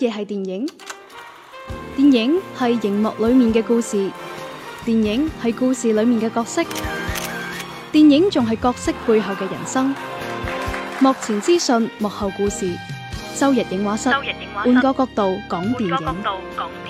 嘅係電影，電影係熒幕裏面嘅故事，電影係故事裏面嘅角色，電影仲係角色背後嘅人生。幕前資訊，幕後故事。周日影畫室，換個角度講電影。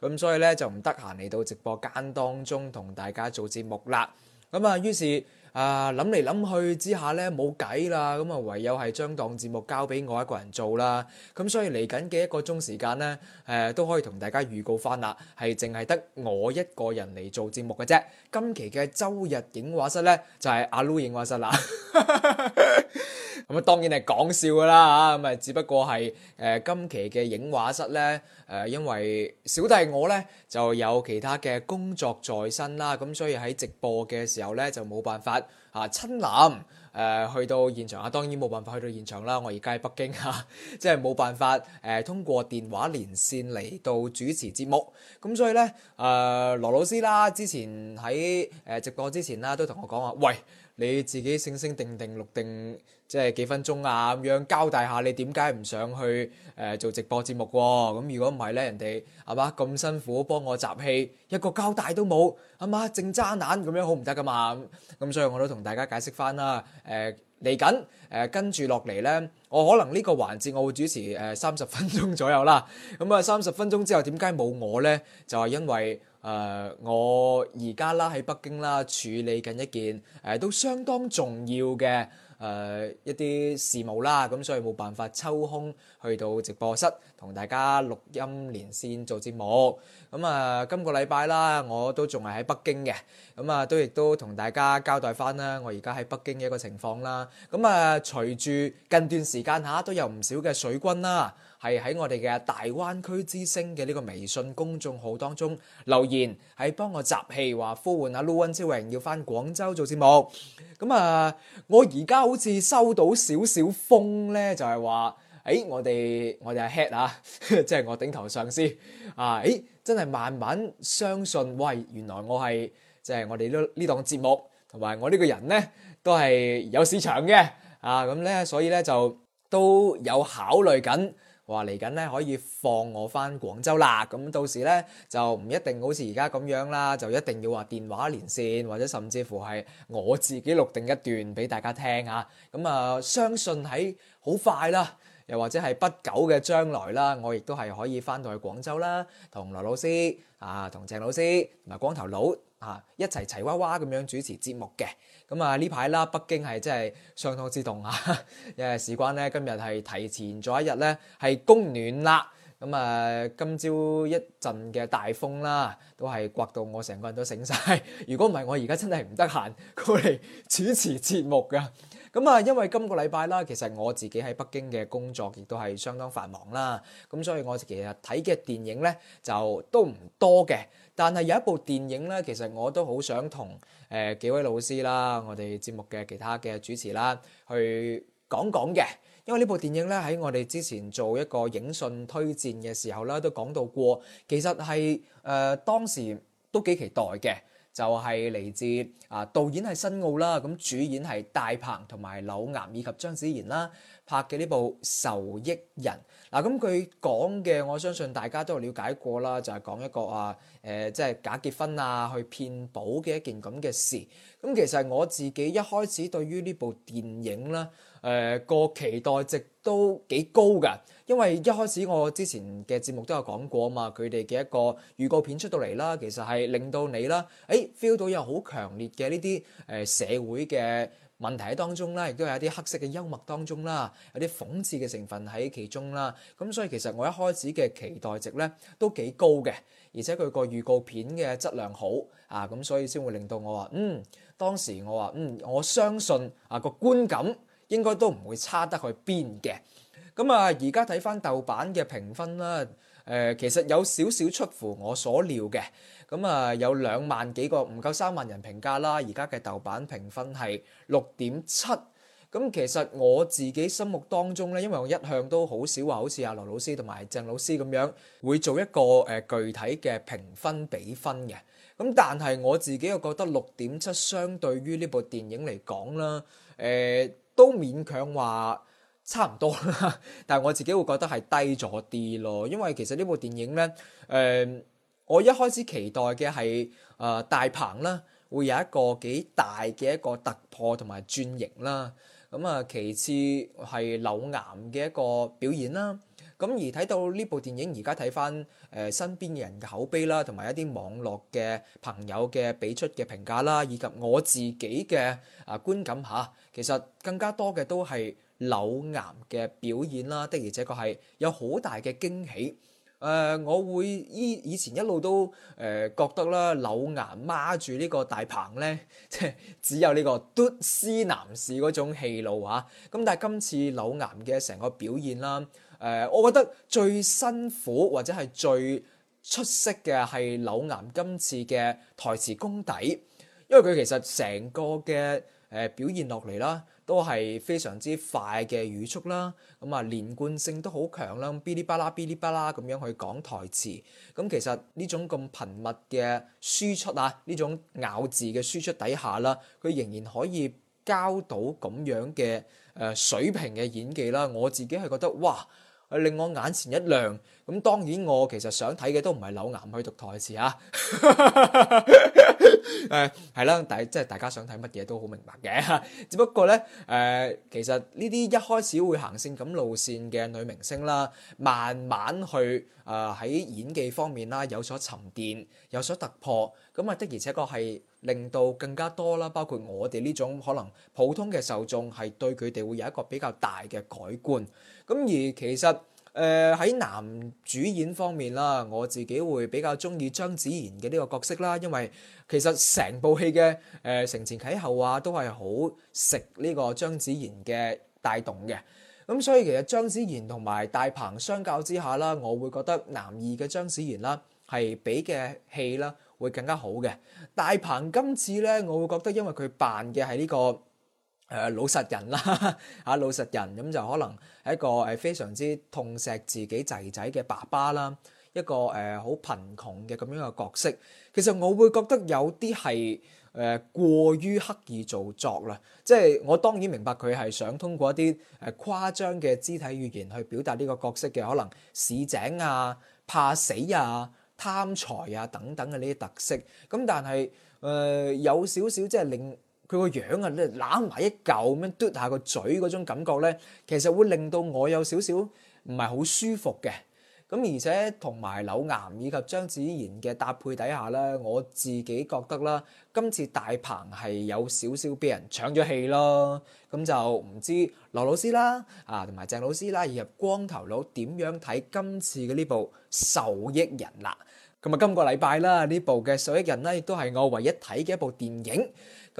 咁所以咧，就唔得閒嚟到直播間當中同大家做節目啦。咁啊，於是啊諗嚟諗去之下咧，冇計啦。咁啊，唯有係將檔節目交俾我一個人做啦。咁所以嚟緊嘅一個鐘時間咧，誒都可以同大家預告翻啦。係淨係得我一個人嚟做節目嘅啫。今期嘅週日影畫室咧，就係阿 Lu 影畫室啦。咁啊，當然係講笑㗎啦嚇。咁啊，只不過係誒今期嘅影畫室咧。因為小弟我呢就有其他嘅工作在身啦，咁所以喺直播嘅時候呢就冇辦法啊親臨去到現場啊，當然冇辦法去到現場啦，我而家喺北京吓，即係冇辦法誒通過電話連線嚟到主持節目，咁所以呢，誒羅老師啦，之前喺直播之前啦，都同我講話，喂你自己醒醒定定錄定。即係幾分鐘啊，咁樣交代下你，你點解唔上去做直播節目喎、啊？咁如果唔係咧，人哋係嘛咁辛苦幫我集氣，一個交代都冇係、啊、嘛，正渣男咁樣好唔得噶嘛？咁所以我都同大家解釋翻啦，嚟緊跟住落嚟咧，我可能呢個環節我會主持誒三十分鐘左右啦。咁啊，三十分鐘之後點解冇我咧？就係、是、因為誒、呃、我而家啦喺北京啦處理緊一件都相當重要嘅，誒、呃、一啲事務啦，咁所以冇辦法抽空去到直播室同大家錄音連線做節目。咁啊，今個禮拜啦，我都仲係喺北京嘅，咁啊都亦都同大家交代返啦，我而家喺北京嘅一個情況啦。咁啊，隨住近段時間下、啊、都有唔少嘅水軍啦。係喺我哋嘅大灣區之聲嘅呢個微信公眾號當中留言，係幫我集氣話呼喚阿 Luan i 溫之榮要翻廣州做節目。咁啊，我而家好似收到少少風咧，就係話，誒，我哋我哋係 head 啊，即係我頂頭上司啊，誒，真係慢慢相信，喂，原來我係即係我哋呢呢檔節目同埋我呢個人咧，都係有市場嘅啊。咁咧，所以咧就都有考慮緊。話嚟緊咧可以放我翻廣州啦，咁到時咧就唔一定好似而家咁樣啦，就一定要話電話連線或者甚至乎係我自己錄定一段俾大家聽吓咁啊，啊、相信喺好快啦，又或者係不久嘅將來啦，我亦都係可以翻到去廣州啦，同羅老師啊，同鄭老師同埋光頭佬。一齊齊哇哇咁樣主持節目嘅，咁啊呢排啦，北京係真係相當之凍啊！誒，事關呢，今日係提前咗一日呢，係供暖啦。咁啊、嗯，今朝一陣嘅大風啦，都係刮到我成個人都醒晒。如果唔係，我而家真係唔得閒過嚟主持節目噶。咁、嗯、啊，因為今個禮拜啦，其實我自己喺北京嘅工作亦都係相當繁忙啦。咁、嗯、所以，我其實睇嘅電影咧就都唔多嘅。但係有一部電影咧，其實我都好想同誒、呃、幾位老師啦，我哋節目嘅其他嘅主持啦，去講講嘅。因為呢部電影咧喺我哋之前做一個影訊推薦嘅時候咧，都講到過，其實係誒、呃、當時都幾期待嘅，就係嚟自啊導演係申奧啦，咁主演係大鵬同埋柳岩以及張子賢啦拍嘅呢部受益人嗱，咁佢講嘅我相信大家都有了解過啦，就係、是、講一個啊誒、呃、即係假結婚啊去騙保嘅一件咁嘅事，咁、啊、其實我自己一開始對於呢部電影啦。誒個、呃、期待值都幾高㗎！因為一開始我之前嘅節目都有講過啊嘛，佢哋嘅一個預告片出到嚟啦，其實係令到你啦，誒 feel 到有好強烈嘅呢啲社會嘅問題喺當中啦，亦都有一啲黑色嘅幽默當中啦，有啲諷刺嘅成分喺其中啦。咁所以其實我一開始嘅期待值咧都幾高嘅，而且佢個預告片嘅質量好啊，咁所以先會令到我話，嗯，當時我話，嗯，我相信啊個觀感。應該都唔會差得去邊嘅咁啊！而家睇翻豆瓣嘅評分啦、呃，誒，其實有少少出乎我所料嘅咁啊，有兩萬幾個唔夠三萬人評價啦。而家嘅豆瓣評分係六點七咁，其實我自己心目當中咧，因為我一向都很少好少話，好似阿羅老師同埋鄭老師咁樣會做一個誒具體嘅評分比分嘅咁，但係我自己又覺得六點七相對於呢部電影嚟講啦。誒、呃、都勉強話差唔多啦，但係我自己會覺得係低咗啲咯，因為其實呢部電影咧，誒、呃、我一開始期待嘅係啊大鵬啦，會有一個幾大嘅一個突破同埋轉型啦，咁啊其次係柳岩嘅一個表演啦。咁而睇到呢部電影，而家睇翻身邊嘅人嘅口碑啦，同埋一啲網絡嘅朋友嘅俾出嘅評價啦，以及我自己嘅啊觀感下，其實更加多嘅都係柳岩嘅表演啦。的而且確係有好大嘅驚喜。呃、我會依以前一路都誒覺得啦，柳岩孖住呢個大鵬咧，即 只有呢個屌絲男士嗰種氣路嚇。咁但係今次柳岩嘅成個表現啦～誒、呃，我覺得最辛苦或者係最出色嘅係柳岩今次嘅台詞功底，因為佢其實成個嘅誒、呃、表現落嚟啦，都係非常之快嘅語速啦，咁啊連貫性都好強啦，噼里啪啦噼里啪啦咁樣去講台詞，咁其實呢種咁頻密嘅輸出啊，呢種咬字嘅輸出底下啦，佢仍然可以交到咁樣嘅誒水平嘅演技啦，我自己係覺得哇！令我眼前一亮，咁當然我其實想睇嘅都唔係柳岩去讀台詞啊、 呃。誒係啦，但即係大家想睇乜嘢都好明白嘅，只不過呢，誒、呃，其實呢啲一開始會行性感路線嘅女明星啦，慢慢去誒喺、呃、演技方面啦有所沉澱、有所突破，咁啊的而且確係令到更加多啦，包括我哋呢種可能普通嘅受眾係對佢哋會有一個比較大嘅改觀。咁而其實誒喺、呃、男主演方面啦，我自己會比較中意張子賢嘅呢個角色啦，因為其實部戲、呃、成部戲嘅誒承前啟後啊，都係好食呢個張子賢嘅帶動嘅。咁所以其實張子賢同埋大鵬相較之下啦，我會覺得男二嘅張子賢啦係比嘅戲啦會更加好嘅。大鵬今次咧，我會覺得因為佢扮嘅係呢個。誒、呃、老實人啦，嚇老實人，咁就可能係一個誒非常之痛錫自己仔仔嘅爸爸啦，一個誒好貧窮嘅咁樣嘅角色。其實我會覺得有啲係誒過於刻意做作啦，即係我當然明白佢係想通過一啲誒誇張嘅肢體語言去表達呢個角色嘅可能市井啊、怕死啊、貪財啊等等嘅呢啲特色噉。咁但係誒有少少即係令。佢個樣啊，你攬埋一嚿咁樣嘟下個嘴嗰種感覺咧，其實會令到我有少少唔係好舒服嘅。咁而且同埋柳岩以及張子賢嘅搭配底下咧，我自己覺得啦，今次大鵬係有少少俾人搶咗戲咯。咁就唔知羅老師啦，啊同埋鄭老師啦，以及光頭佬點樣睇今次嘅呢部受益人啦？咁啊，今個禮拜啦，呢部嘅受益人咧，亦都係我唯一睇嘅一部電影。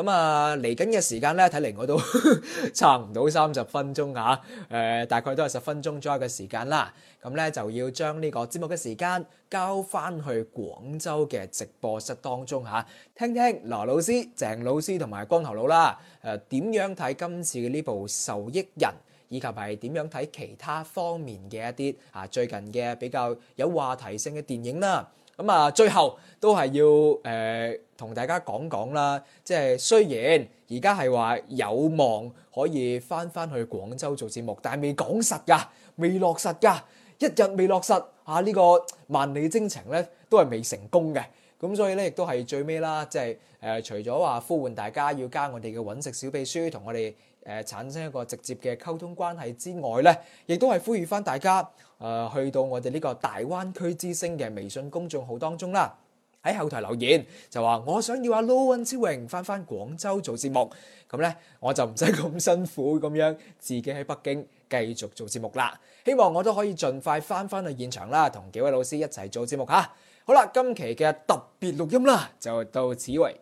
咁啊，嚟緊嘅時間呢，睇嚟我都 差唔多三十分鐘啊、呃！大概都係十分鐘左右嘅時間啦。咁呢，就要將呢個節目嘅時間交翻去廣州嘅直播室當中嚇，聽聽羅老師、鄭老師同埋光頭佬啦，誒點樣睇今次嘅呢部受益人，以及係點樣睇其他方面嘅一啲啊最近嘅比較有話題性嘅電影啦。咁啊，最後都係要誒同大家講講啦，即係雖然而家係話有望可以返返去廣州做節目，但係未講實㗎，未落實㗎，一日未落實，啊呢個萬里征程咧都係未成功嘅。咁所以咧，亦都係最尾啦，即係誒，除咗話呼喚大家要加我哋嘅揾食小秘書同我哋。誒、呃、產生一個直接嘅溝通關係之外咧，亦都係呼籲翻大家誒、呃、去到我哋呢個大灣區之聲嘅微信公眾號當中啦，喺後台留言就話我想要阿 Lowen 之榮翻翻廣州做節目，咁咧我就唔使咁辛苦咁樣自己喺北京繼續做節目啦。希望我都可以盡快翻翻去現場啦，同幾位老師一齊做節目嚇。好啦，今期嘅特別錄音啦，就到此為，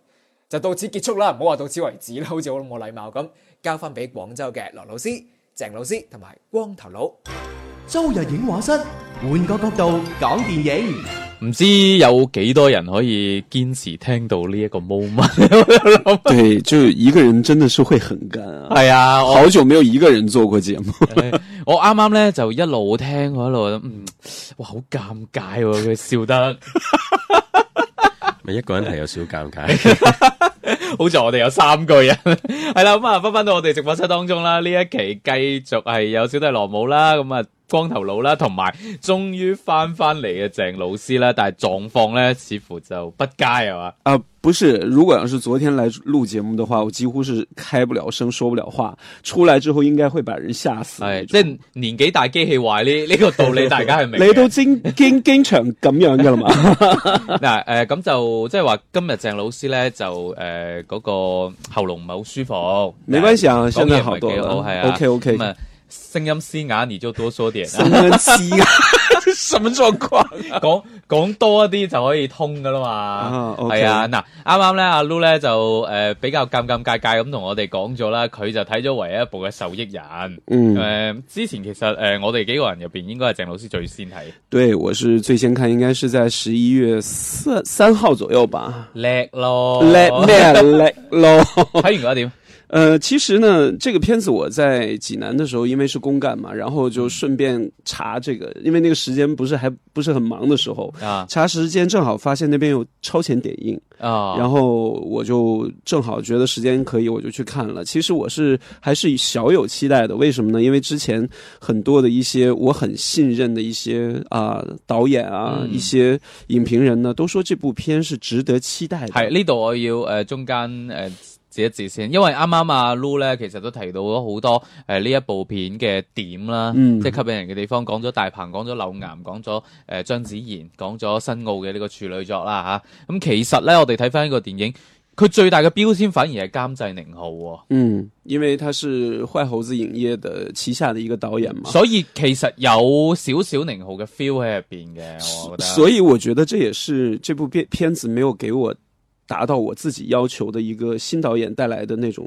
就到此結束啦。唔好話到此為止啦，好似好冇禮貌咁。交翻俾廣州嘅羅老師、鄭老師同埋光頭佬，周日影畫室換個角度講電影，唔知有幾多人可以堅持聽到呢一個 moment。對，就一個人真的是會很噶，係啊，我好久沒有一個人做過節目。 我啱啱咧就一路聽，我一路覺得嗯，哇，好尷尬、啊，佢笑得，咪 一個人係有少尷尬。 好在我哋有三個人， 係啦咁啊，翻返到我哋直播室當中啦，呢一期繼續係有小弟羅武啦，咁啊。光頭佬啦，同埋終於翻翻嚟嘅鄭老師啦，但係狀況咧似乎就不佳係嘛？啊，不是，如果要是昨天來錄節目嘅話，我幾乎是開不了聲，說不了話，出來之後應該會把人嚇死。係，即係年紀大機壞，機器壞呢？呢個道理大家係明。你都經經經常咁樣噶啦嘛？嗱、 呃，誒、呃，咁就即係話今日鄭老師咧就誒嗰、呃那個喉嚨唔係好舒服，沒關係啊，講嘢唔係幾好係啊，OK OK、嗯呃聲音嘶啞、啊，你就多說點、啊。聲音嘶啞， 什麼狀況、啊？講講多一啲就可以通噶啦嘛。係啊，嗱、啊，啱啱咧，阿 Lu 咧就誒、呃、比較尷尷尬尬咁同我哋講咗啦，佢就睇咗唯一一部嘅受益人。嗯，誒、呃，之前其實誒、呃，我哋幾個人入邊應該係鄭老師最先睇。對，我是最先看，應該是在十一月四三號左右吧。叻咯，叻咩啊？叻咯，睇完覺得點？呃，其實呢，這個片子我在濟南的時候，因為是公幹嘛，然後就順便查這個，因為那個時間不是還不是很忙的時候啊，查時間正好發現那邊有超前點映啊，然後我就正好覺得時間可以，我就去看了。其實我是還是小有期待的，為什麼呢？因為之前很多的一些我很信任的一些啊、呃、導演啊，嗯、一些影評人呢，都說這部片是值得期待的。係呢度我要呃，中間呃……一字先，因為啱啱阿 Lu 咧，其實都提到咗好多誒呢、呃、一部片嘅點啦，嗯、即係吸引人嘅地方。講咗大鵬，講咗柳岩，講咗誒張子賢，講咗申奧嘅呢個處女作啦吓。咁、啊、其實咧，我哋睇翻呢個電影，佢最大嘅標籤反而係監製寧浩、哦。嗯，因為他是壞猴子影業的旗下的一個導演嘛，所以其實有少少寧浩嘅 feel 喺入邊嘅。啊、所以我覺得這也是這部片片子沒有給我。達到我自己要求的一個新導演帶來的那種，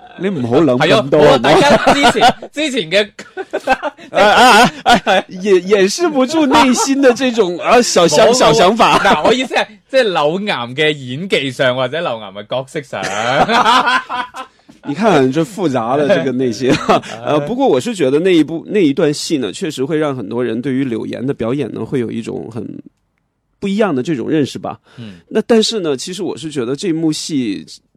你唔好諗咁多。大家之前之前嘅，掩掩飾不住內心的這種啊小想小想法。嗱，我意思係，即係柳岩嘅演技上，或者柳岩嘅角色上。你看，這複雜的這個內心。呃，不過我是覺得那一部那一段戲呢，確實會讓很多人對於柳岩的表演呢，會有一種很不一樣的這種認識吧。嗯。那但是呢，其實我是覺得這一幕戲。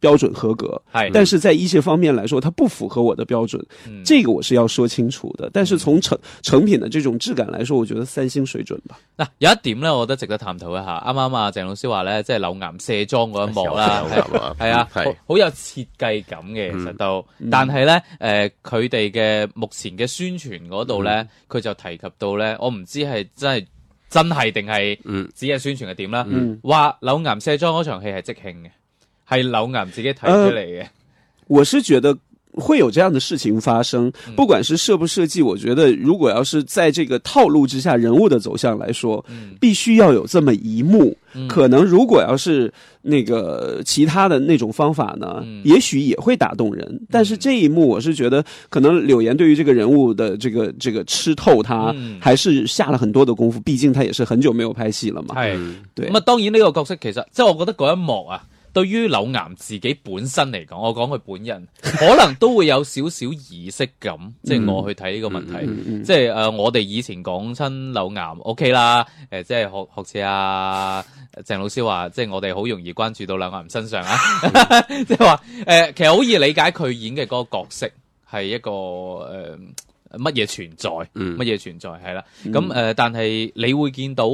標準合格，但是在一些方面來說，它不符合我的標準，嗯、這個我是要說清楚的。但是從成成品的這種質感來說，我覺得三星水準吧。嗱、啊，有一點呢，我覺得值得探討一下。啱啱啊，鄭老師話呢，即係柳岩卸妝嗰一幕啦，係是啊，係好有設計感嘅，其實都。嗯、但係呢，誒、呃，佢哋嘅目前嘅宣傳嗰度呢，佢、嗯、就提及到呢，我唔知係真係真係定係，是只係宣傳嘅點啦，話、嗯、柳岩卸妝嗰場戲係即興嘅。係柳岩自己睇出嚟嘅、呃，我是覺得會有這樣的事情發生，不管是設不設計，我覺得如果要是在這個套路之下人物的走向來說，嗯、必須要有這麼一幕。可能如果要是那個其他的那種方法呢，嗯、也許也會打動人。但是這一幕，我是覺得可能柳岩對於這個人物的這個這個吃透他，他、嗯、還是下了很多的功夫。畢竟他也是很久沒有拍戲了嘛。係、嗯，對那麼當然呢個角色其實即係我覺得嗰一幕啊。對於柳岩自己本身嚟講，我講佢本人可能都會有少少儀式感，即係 我去睇呢個問題，即係誒我哋以前講親柳岩 O、okay、K 啦，誒即係學學似阿、啊、鄭老師話，即、就、係、是、我哋好容易關注到柳岩身上啊，即係話誒其實好易理解佢演嘅嗰個角色係一個誒乜嘢存在，乜嘢、嗯、存在係啦，咁誒、嗯呃、但係你會見到。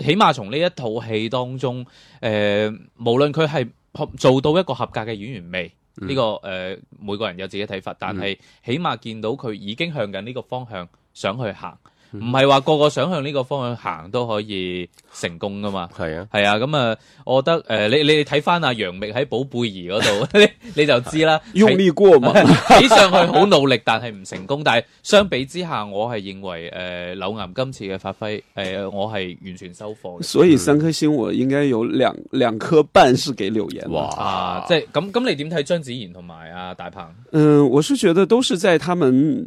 起碼從呢一套戲當中、呃，無論佢係合做到一個合格嘅演員未，呢、嗯這個呃、每個人有自己睇法，但係起碼見到佢已經向緊呢個方向想去行。唔係話個個想向呢個方向行都可以成功噶嘛？係啊，係啊，咁、嗯、啊，我覺得誒、呃，你你哋睇翻阿楊冪喺寶貝兒嗰度， 你就知啦，用力過猛，是嗯、起上去好努力， 但係唔成功。但係相比之下，我係認為誒、呃、柳岩今次嘅發揮，誒、呃、我係完全收貨。所以三顆星，我應該有兩兩顆半是給柳岩哇啊，即係咁咁，你點睇張子妍同埋阿大鵬？嗯、呃，我是覺得都是在他們。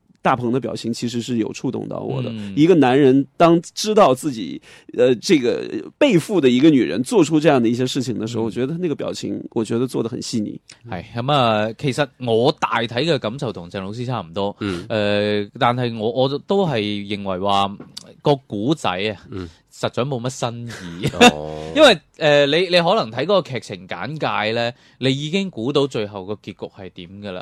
大鵬的表情其實是有觸動到我的，嗯、一個男人當知道自己，呃，這個背負的一個女人做出這樣的一些事情的時候，嗯、我覺得那個表情，我覺得做得很細膩。係咁啊，其實我大體嘅感受同鄭老師差唔多，嗯，誒、呃，但係我我都係認為話、個古仔啊，嗯、實在冇乜新意，哦、因為誒、呃，你你可能睇嗰個劇情簡介咧，你已經估到最後個結局係點噶啦。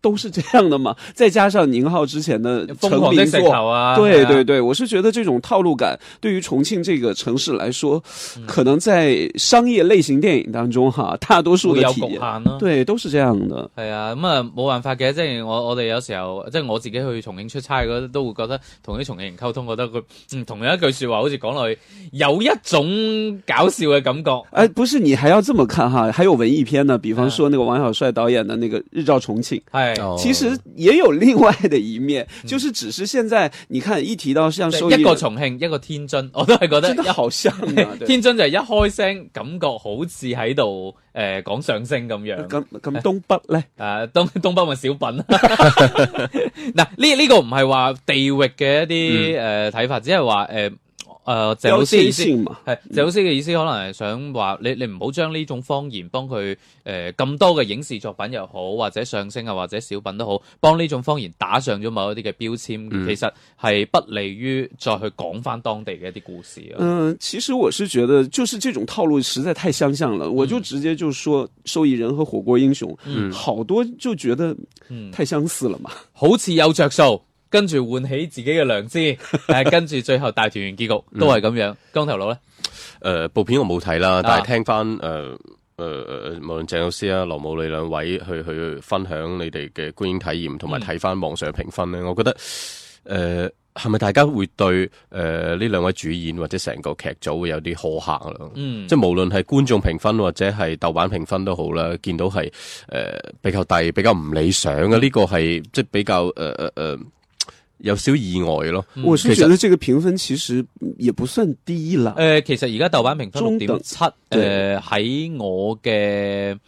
都是這樣的嘛，再加上寧浩之前的《瘋狂的賽車》啊，對啊對對，對，我是覺得這種套路感對於重慶這個城市來說，嗯、可能在商業類型電影當中哈，大多數的體驗，有啊、對，都是這樣的。係啊，咁、嗯、啊，冇辦法嘅，即、就、係、是、我我哋有時候，即、就、係、是、我自己去重慶出差嗰時都都會覺得同啲重慶人溝通，覺得佢嗯同樣一句說話，好似講落去有一種搞笑嘅感覺、啊。哎，不是你還要這麼看哈？還有文藝片呢，比方說那個王小帥導演的那個《日照重慶》。其實也有另外的一面，嗯、就是只是現在，你看一提到像一個重慶，一個天津，我都係覺得一真好像、啊。對。天津就係一開聲，感覺好似喺度。誒，講相聲咁樣。咁咁、啊啊、東，東北咧？誒、啊，東東北咪小品。嗱、 啊，呢呢、這個唔係話地域嘅一啲誒睇法，只係話誒誒，謝、呃呃、老師意思係謝老師嘅意思，可能係想話你、嗯、你唔好將呢種方言幫佢誒咁多嘅影視作品又好，或者相聲啊，或者小品都好，幫呢種方言打上咗某一啲嘅標籤，嗯、其實係不利於再去講翻當地嘅一啲故事啊。嗯、呃，其實我是覺得，就是這種套路實在太相像了，嗯、我就直接就。就說受益人和火鍋英雄，嗯、好多就覺得太相似了嘛、嗯，好似有着數，跟住喚起自己嘅良知，誒、 呃，跟住最後大團圓結局都係咁樣。嗯、光頭佬咧，誒、呃，部片我冇睇啦，啊、但係聽翻誒誒誒，無論鄭老師啊、羅母你兩位去去分享你哋嘅觀影體驗，同埋睇翻網上評分咧，嗯、我覺得誒。呃係咪大家會對誒呢、呃、兩位主演或者成個劇組會有啲苛刻咯？嗯，即係無論係觀眾評分或者係豆瓣評分都好啦，見到係誒、呃、比較低、比較唔理想嘅呢、這個係即係比較誒誒誒有少意外咯。我、嗯、其實呢，呢個評分其實也不算低啦。誒、呃，其實而家豆瓣評分六點七，誒喺、呃、我嘅。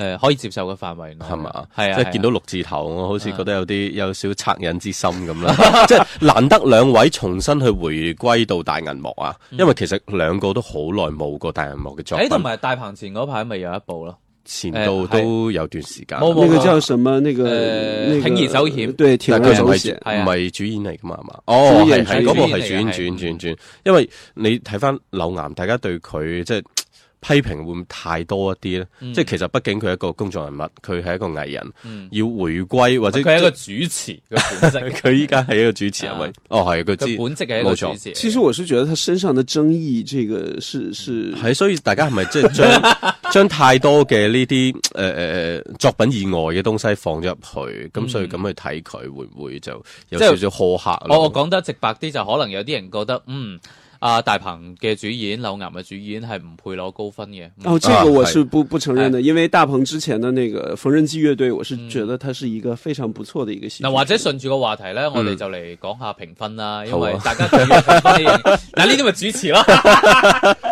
誒，可以接受嘅範圍係嘛？係啊，即係見到六字頭，我好似覺得有啲有少惻隱之心咁啦。即係難得兩位重新去回歸到大銀幕啊！因為其實兩個都好耐冇過大銀幕嘅作品。誒，同埋大鵬前嗰排咪有一部咯，前度都有段時間。那個叫什麼？那個《鋌而走險》，對，鋌而走險唔係主演嚟㗎嘛？係嘛？哦，係係嗰部係主演主演主演，因為你睇翻柳岩，大家對佢即係批評會唔會太多一啲咧？即係其實，畢竟佢係一個公眾人物，佢係一個藝人，要回歸或者佢係一個主持，佢依家係一個主持人喂，哦係佢知，本職係一個主持。其實我是覺得，佢身上的爭議，這個是是，係所以大家係咪將將太多嘅呢啲誒誒作品以外嘅東西放咗入去，咁所以咁去睇佢會唔會就有少少苛刻？我講得直白啲，就可能有啲人覺得，嗯。阿、啊、大鵬嘅主演，柳岩嘅主演係唔配攞高分嘅。嗯、哦，這個我是不不承認的，啊、因為大鵬之前的那個縫紉機樂隊，嗯、我是覺得它是一個非常不錯的一個的。嗱、嗯，或者順住個話題呢，我哋就嚟講下評分啦，嗯、因為大家最中意。嗱，呢啲咪主持咯。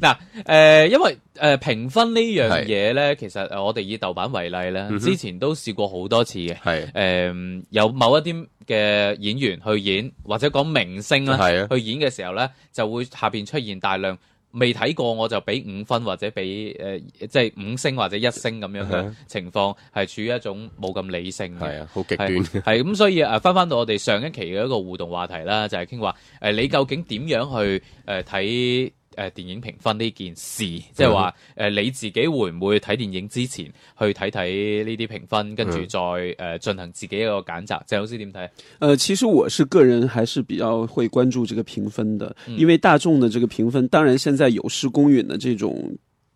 嗱，誒、 呃，因為誒評、呃、分呢樣嘢咧，是其實我哋以豆瓣為例咧，嗯、哼之前都試過好多次嘅，係、啊，誒、呃，有某一啲嘅演員去演，或者講明星啦，係啊，去演嘅時候咧，就會下邊出現大量未睇過我就俾五分或者俾誒即係五星或者一星咁樣嘅情況，係、啊、處於一種冇咁理性嘅，係啊，好極端，係咁是， 所以誒、啊，翻翻到我哋上一期嘅一個互動話題啦，就係、是、傾話誒、呃，你究竟點樣去誒睇？呃誒電影評分呢件事，即係話誒你自己會唔會睇電影之前去睇睇呢啲評分，跟住再誒、嗯呃、進行自己一個揀擇，鄭老師點睇？誒、呃，其實我是個人，還是比較會關注這個評分的，因為大眾的這個評分，當然現在有失公允的這種，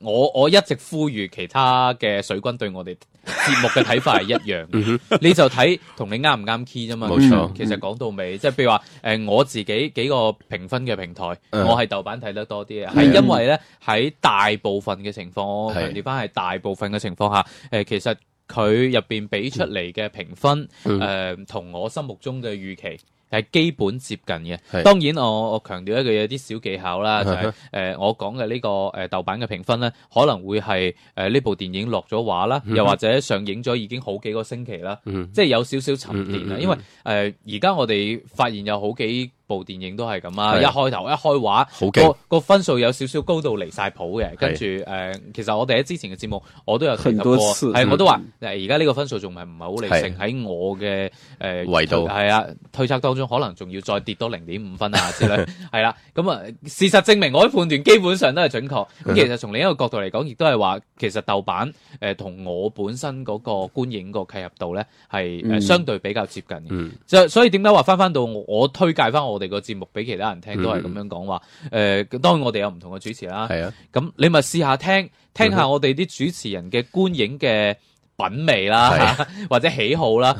我我一直呼籲其他嘅水軍對我哋節目嘅睇法係一樣， 你就睇同你啱唔啱 key 啫嘛。冇錯，其實講到尾，嗯、即係譬如話、呃，我自己幾個評分嘅平台，嗯、我係豆瓣睇得多啲嘅，係、嗯、因為咧喺大部分嘅情況，講翻係大部分嘅情況下，呃、其實佢入面俾出嚟嘅評分，同、嗯呃、我心目中嘅預期。係基本接近嘅，是當然我我強調一句有啲小技巧啦，就係、是、誒是、呃、我講嘅呢個誒、呃、豆瓣嘅評分咧，可能會係誒呢部電影落咗畫啦，又或者上映咗已經好幾個星期啦，嗯、即係有少少沉澱啦、嗯嗯嗯嗯、因為誒而家我哋發現有好幾。部電影都係咁啊！的一開頭一開畫 OK,，個個分數有少少高到離晒譜嘅。的跟住誒、呃、其實我哋喺之前嘅節目，我都有聽過，係、嗯、我都話誒，而家呢個分數仲係唔係好理性？喺我嘅誒維度係啊，推測當中可能仲要再跌多零點五分啊之類係啦，咁啊、 嗯、事實證明我嘅判斷基本上都係準確，咁 其實從另一個角度嚟講亦都係話其實豆瓣誒同、呃、我本身嗰個觀影個契合度咧係誒相對比較接近嘅。就、嗯嗯、所以點解話翻翻到我推介翻我？我哋個節目俾其他人聽都係咁樣講話，誒，當然我哋有唔同嘅主持啦。係啊，咁你咪試下聽聽下我哋啲主持人嘅觀影嘅品味啦，或者喜好啦，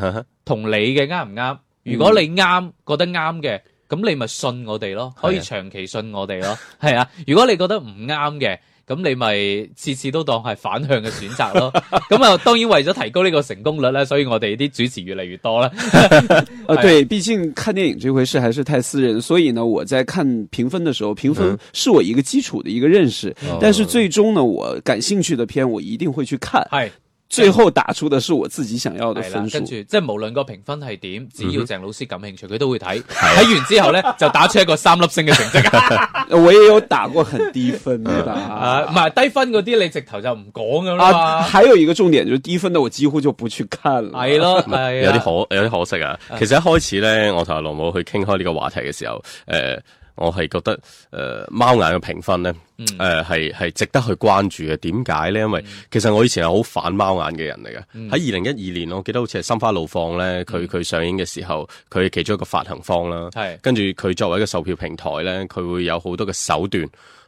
同你嘅啱唔啱？如果你啱，覺得啱嘅，咁你咪信我哋咯，可以長期信我哋咯。係啊，如果你覺得唔啱嘅。咁你咪次次都當係反向嘅選擇咯。咁啊，當然為咗提高呢個成功率呢，所以我哋啲主持越嚟越多啦、 呃。對，畢竟看電影這回事還是太私人，所以呢，我在看評分的時候，評分是我一個基礎的一個認識，嗯、但是最終呢，我感興趣的片我一定會去看。係。最後打出的是我自己想要的分數。嗯，跟住即係無論個評分係點，只要鄭老師感興趣，佢、嗯、哼都會睇。睇完之後咧， 就打出一個三粒星嘅成績。 我也有打過很低分，啊，唔係、啊、低分嗰啲，你直頭就唔講噶啦嘛。還有一個重點就係、低分的，我幾乎就不去看。係咯啦， 有啲可有啲可惜啊。其實一開始咧，我同阿羅姆去傾開呢個話題嘅時候，誒、呃。我係覺得，誒、呃、貓眼嘅評分咧，誒係係值得去關注嘅。點解咧？因為其實我以前係好反貓眼嘅人嚟嘅。喺二零一二年，我記得好似係《心花怒放》咧，佢佢上映嘅時候，佢係其中一個發行方啦，跟住佢作為一個售票平台咧，佢會有好多嘅手段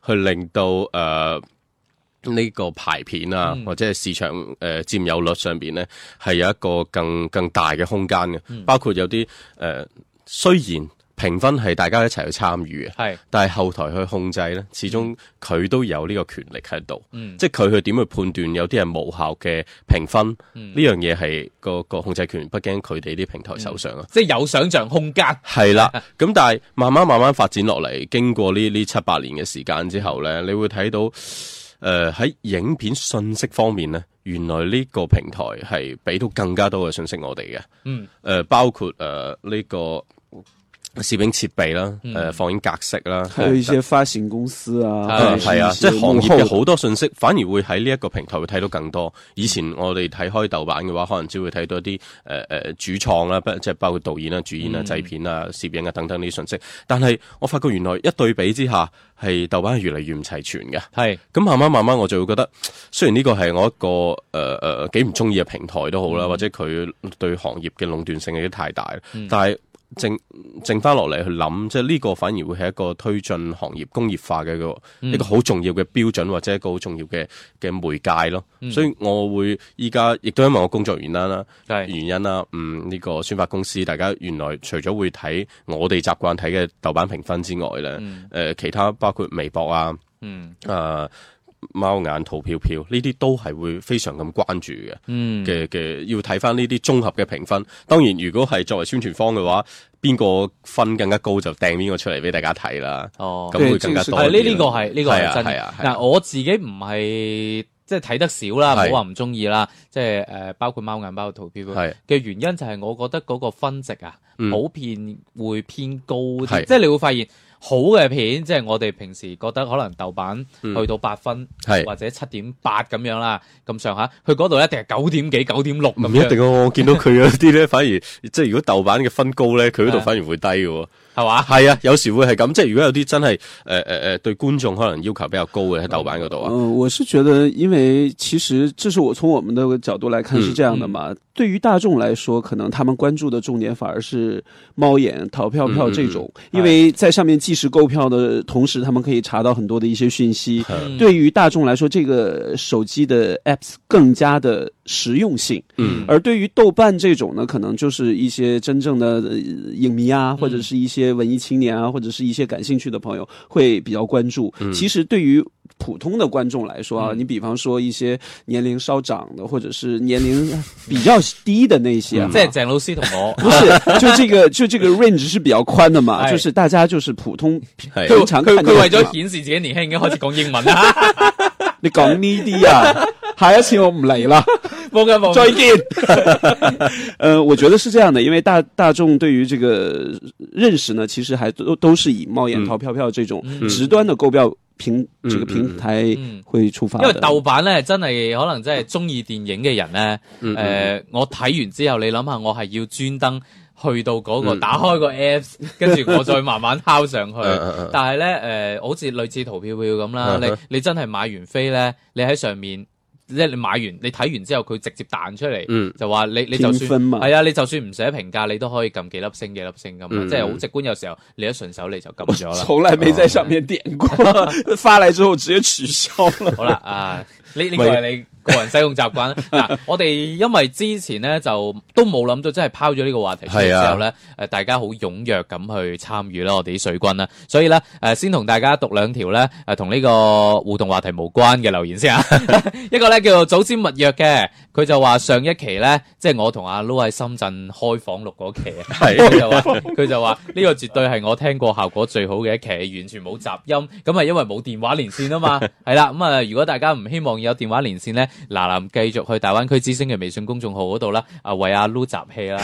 去令到誒呢、呃這個排片啊，嗯、或者係市場誒、呃、佔有率上面咧，係有一個更更大嘅空間嘅。嗯、包括有啲誒、呃，雖然。評分係大家一齊去參與嘅，係是，但係後台去控制咧，始終佢都有呢個權力喺度，嗯、即係佢去點去判斷有啲係無效嘅評分呢、嗯、樣嘢係個個控制權，畢竟佢哋啲平台手上、嗯、即係有想象空間，係啦 ，咁但係慢慢慢慢發展落嚟，經過呢呢七八年嘅時間之後咧，你會睇到，誒、呃、喺影片信息方面咧，原來呢個平台係俾到更加多嘅信息我哋嘅，嗯，誒、呃、包括誒呢、呃這個。攝影設備啦，誒，放映格式啦，還有一些發行公司啊，係啊，即係行業嘅好多信息，反而會喺呢一個平台會睇到更多。以前我哋睇開豆瓣嘅話，可能只會睇到一啲誒誒主創啦，即係包括導演啦、主演啊、製片啊、攝影啊等等呢啲信息。但係我發覺原來一對比之下，係豆瓣係越嚟越唔齊全嘅。係咁慢慢慢慢，我就會覺得，雖然呢個係我一個誒誒幾唔中意嘅平台都好啦，或者佢對行業嘅壟斷性有啲太大，但係。剩剩翻落嚟去諗，即係呢個反而會係一個推進行業工業化嘅一個、嗯、一個好重要嘅標準，或者一個好重要嘅嘅媒介咯。嗯、所以，我會依家亦都因為我工作是原因啦，原因啦，嗯，呢、呢個宣發公司，大家原來除咗會睇我哋習慣睇嘅豆瓣評分之外咧、嗯呃，其他包括微博啊，嗯、啊。貓眼、淘票票呢啲都係會非常咁關注嘅，嘅嘅、嗯、要睇翻呢啲綜合嘅評分。當然，如果係作為宣傳方嘅話，邊個分更加高就掟邊個出嚟俾大家睇啦。哦，咁會更加多。呢呢個係呢個係真係。嗱、啊，啊啊、我自己唔係即係睇得少啦，唔好話唔中意啦。即係誒，包括貓眼、包括淘票票嘅原因就係我覺得嗰個分值啊，嗯、普遍會偏高啲，即係是你會發現。好嘅片，即係我哋平時覺得可能豆瓣去到八分，嗯、或者七點八咁樣啦，咁上下，佢嗰度一定係九點幾、九點六咁樣。唔一定，我見到佢有啲咧， 反而即係如果豆瓣嘅分高咧，佢嗰度反而會低喎。係嘛？係啊，有時候會係咁。即係如果有啲真係誒誒誒，對觀眾可能要求比較高嘅喺豆瓣嗰度啊。嗯，嗯我是覺得，因為其實這是我從我們的角度來看是這樣的嘛。嗯、對於大眾來說，可能他們關注的重點反而是貓眼淘票票這種，嗯、因為在上面即時購票的同時，他們可以查到很多的一些訊息。嗯、對於大眾來說，這個手機的 apps 更加的。實用性，嗯，而對於豆瓣這種呢，可能就是一些真正的影迷啊，或者是一些文藝青年啊，或者是一些感興趣的朋友會比較關注。其實對於普通的觀眾來說啊，你比方說一些年齡稍長的，或者是年齡比較低的那些，即係鄭老師同我，不是，就這個就這個 range 是比較寬的嘛？就是大家就是普通，通常佢為咗顯示自己年輕，已經開始講英文啦。你講呢啲啊，下一次我唔嚟啦。冇嘅冇再見。 呃，我覺得是這樣的，因為大大眾對於這個認識呢，其實還都都是以貓眼淘票票這種直端的購票平、嗯、這個平台會觸發的。因為豆瓣呢，真係可能真係中意電影嘅人呢。誒、嗯嗯呃，我睇完之後，你諗下，我係要專登去到嗰、那個、嗯、打開個 Apps，跟住我再慢慢敲上去。 但係呢，誒、呃，好似類似淘票票咁啦， 你你真係買完飛呢，你喺上面。即係你買完，你睇完之後佢直接彈出嚟，嗯、就話你你就算係啊，你就算唔寫評價你都可以撳幾粒星幾粒星咁、嗯、即係好直觀，有時候你一順手你就撳咗啦。我從來沒在上面點過，哦、 返嚟之後直接取消啦。好啦，啊呢呢個係你。你個人使用習慣，嗱，我哋因為之前咧就都冇諗到真係拋咗呢個話題出嚟嘅時候咧，誒是、啊呃，大家好踴躍咁去參與啦。我哋啲水軍啦，所以咧，誒、呃，先同大家讀兩條咧，誒、啊，同呢個互動話題無關嘅留言先啊。 一個咧叫做早知密約嘅，佢就話上一期咧，即係我同阿 Loo 喺深圳開房錄嗰期啊，係話佢就話呢 個絕對係我聽過效果最好嘅一期，完全冇雜音，咁係因為冇電話連線啊嘛，係啦，咁啊，如果大家唔希望有電話連線咧。嗱，嗱，繼續去大灣區之星嘅微信公眾號嗰度、啊、啦，啊為阿 Lou 集氣啦，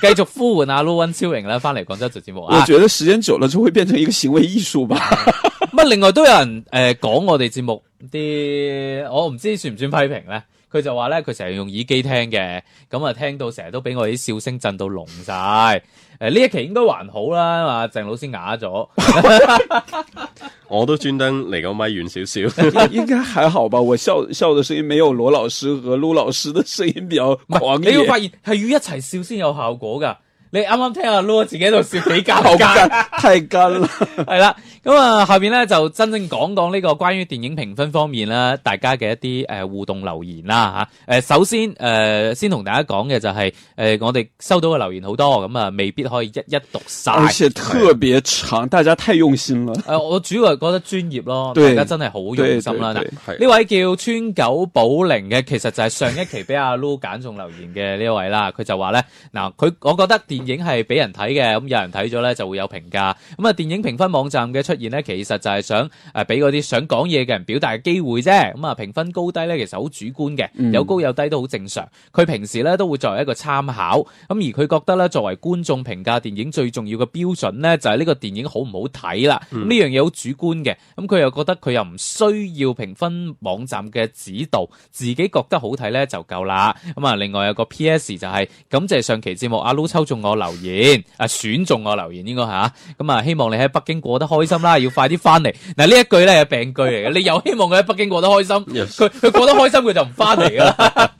繼續呼喚阿 Lou 溫超榮啦，翻嚟廣州做節目。 啊、我覺得時間久咗就會變成一個行為藝術吧。咁、 嗯、另外都有人誒講、呃、我哋節目啲，我唔知算唔算批評咧。佢就話咧，佢成日用耳機聽嘅，咁啊聽到成日都俾我啲笑聲震到聾晒。誒，呢一期應該還好啦，鄭老師啞咗， 我都專登離個咪遠少少。 應該還好吧？我笑笑的聲音沒有羅老師和陸老師的聲音比較狂野。你要發現係與一齊笑先有效果噶。你啱啱聽阿 l u 自己喺度笑比教好乾， 太啦係啦，咁啊，下邊咧就真正講講呢個關於電影評分方面啦，大家嘅一啲誒、呃、互動留言啦吓，誒、啊，首先誒、呃、先同大家講嘅就係、是、誒、呃，我哋收到嘅留言好多，咁啊未必可以一一讀晒。而且特別長，啊、大家太用心啦。誒、呃，我主要係覺得專業咯，對大家真係好用心啦。對對對呢對位叫川九保玲嘅，其實就係上一期俾阿 l u 揀中留言嘅呢位啦，佢 就話咧，嗱，佢我覺得。電影係俾人睇嘅，咁有人睇咗呢就會有評價。咁啊，電影評分網站嘅出現呢，其實就係想誒俾嗰啲想講嘢嘅人表達嘅機會啫。咁啊，評分高低呢其實好主觀嘅，嗯、有高有低都好正常。佢平時呢都會作為一個參考。咁而佢覺得呢，作為觀眾評價電影最重要嘅標準呢，就係呢個電影好唔好睇啦。咁呢樣嘢好主觀嘅，咁佢又覺得佢又唔需要評分網站嘅指導，自己覺得好睇呢就夠啦。咁啊，另外有個 P.S. 就係、是、感謝上期節目阿 Lo 我留言啊，選中我留言應該吓。咁啊，希望你喺北京過得開心啦， 要快啲翻嚟。嗱、啊，呢一句咧係病句嚟嘅，你又希望佢喺北京過得開心，佢佢 過得開心佢就唔翻嚟噶啦。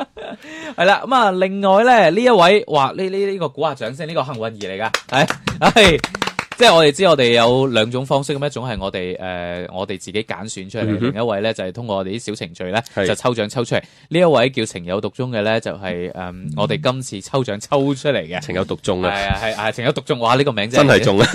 係 啦，咁啊，另外咧呢這一位，哇，呢呢呢個鼓下掌聲，呢、這個幸運兒嚟噶，係係。 即係我哋知，我哋有兩種方式咁，一種係我哋誒，我哋自己揀選出嚟，另一位咧就係通過我哋啲小程序咧就抽獎抽出嚟。呢一位叫情有獨鍾嘅咧，就係誒，我哋今次抽獎抽出嚟嘅情有獨鍾啦。係啊係啊，情有獨鍾，哇呢個名真係中啦！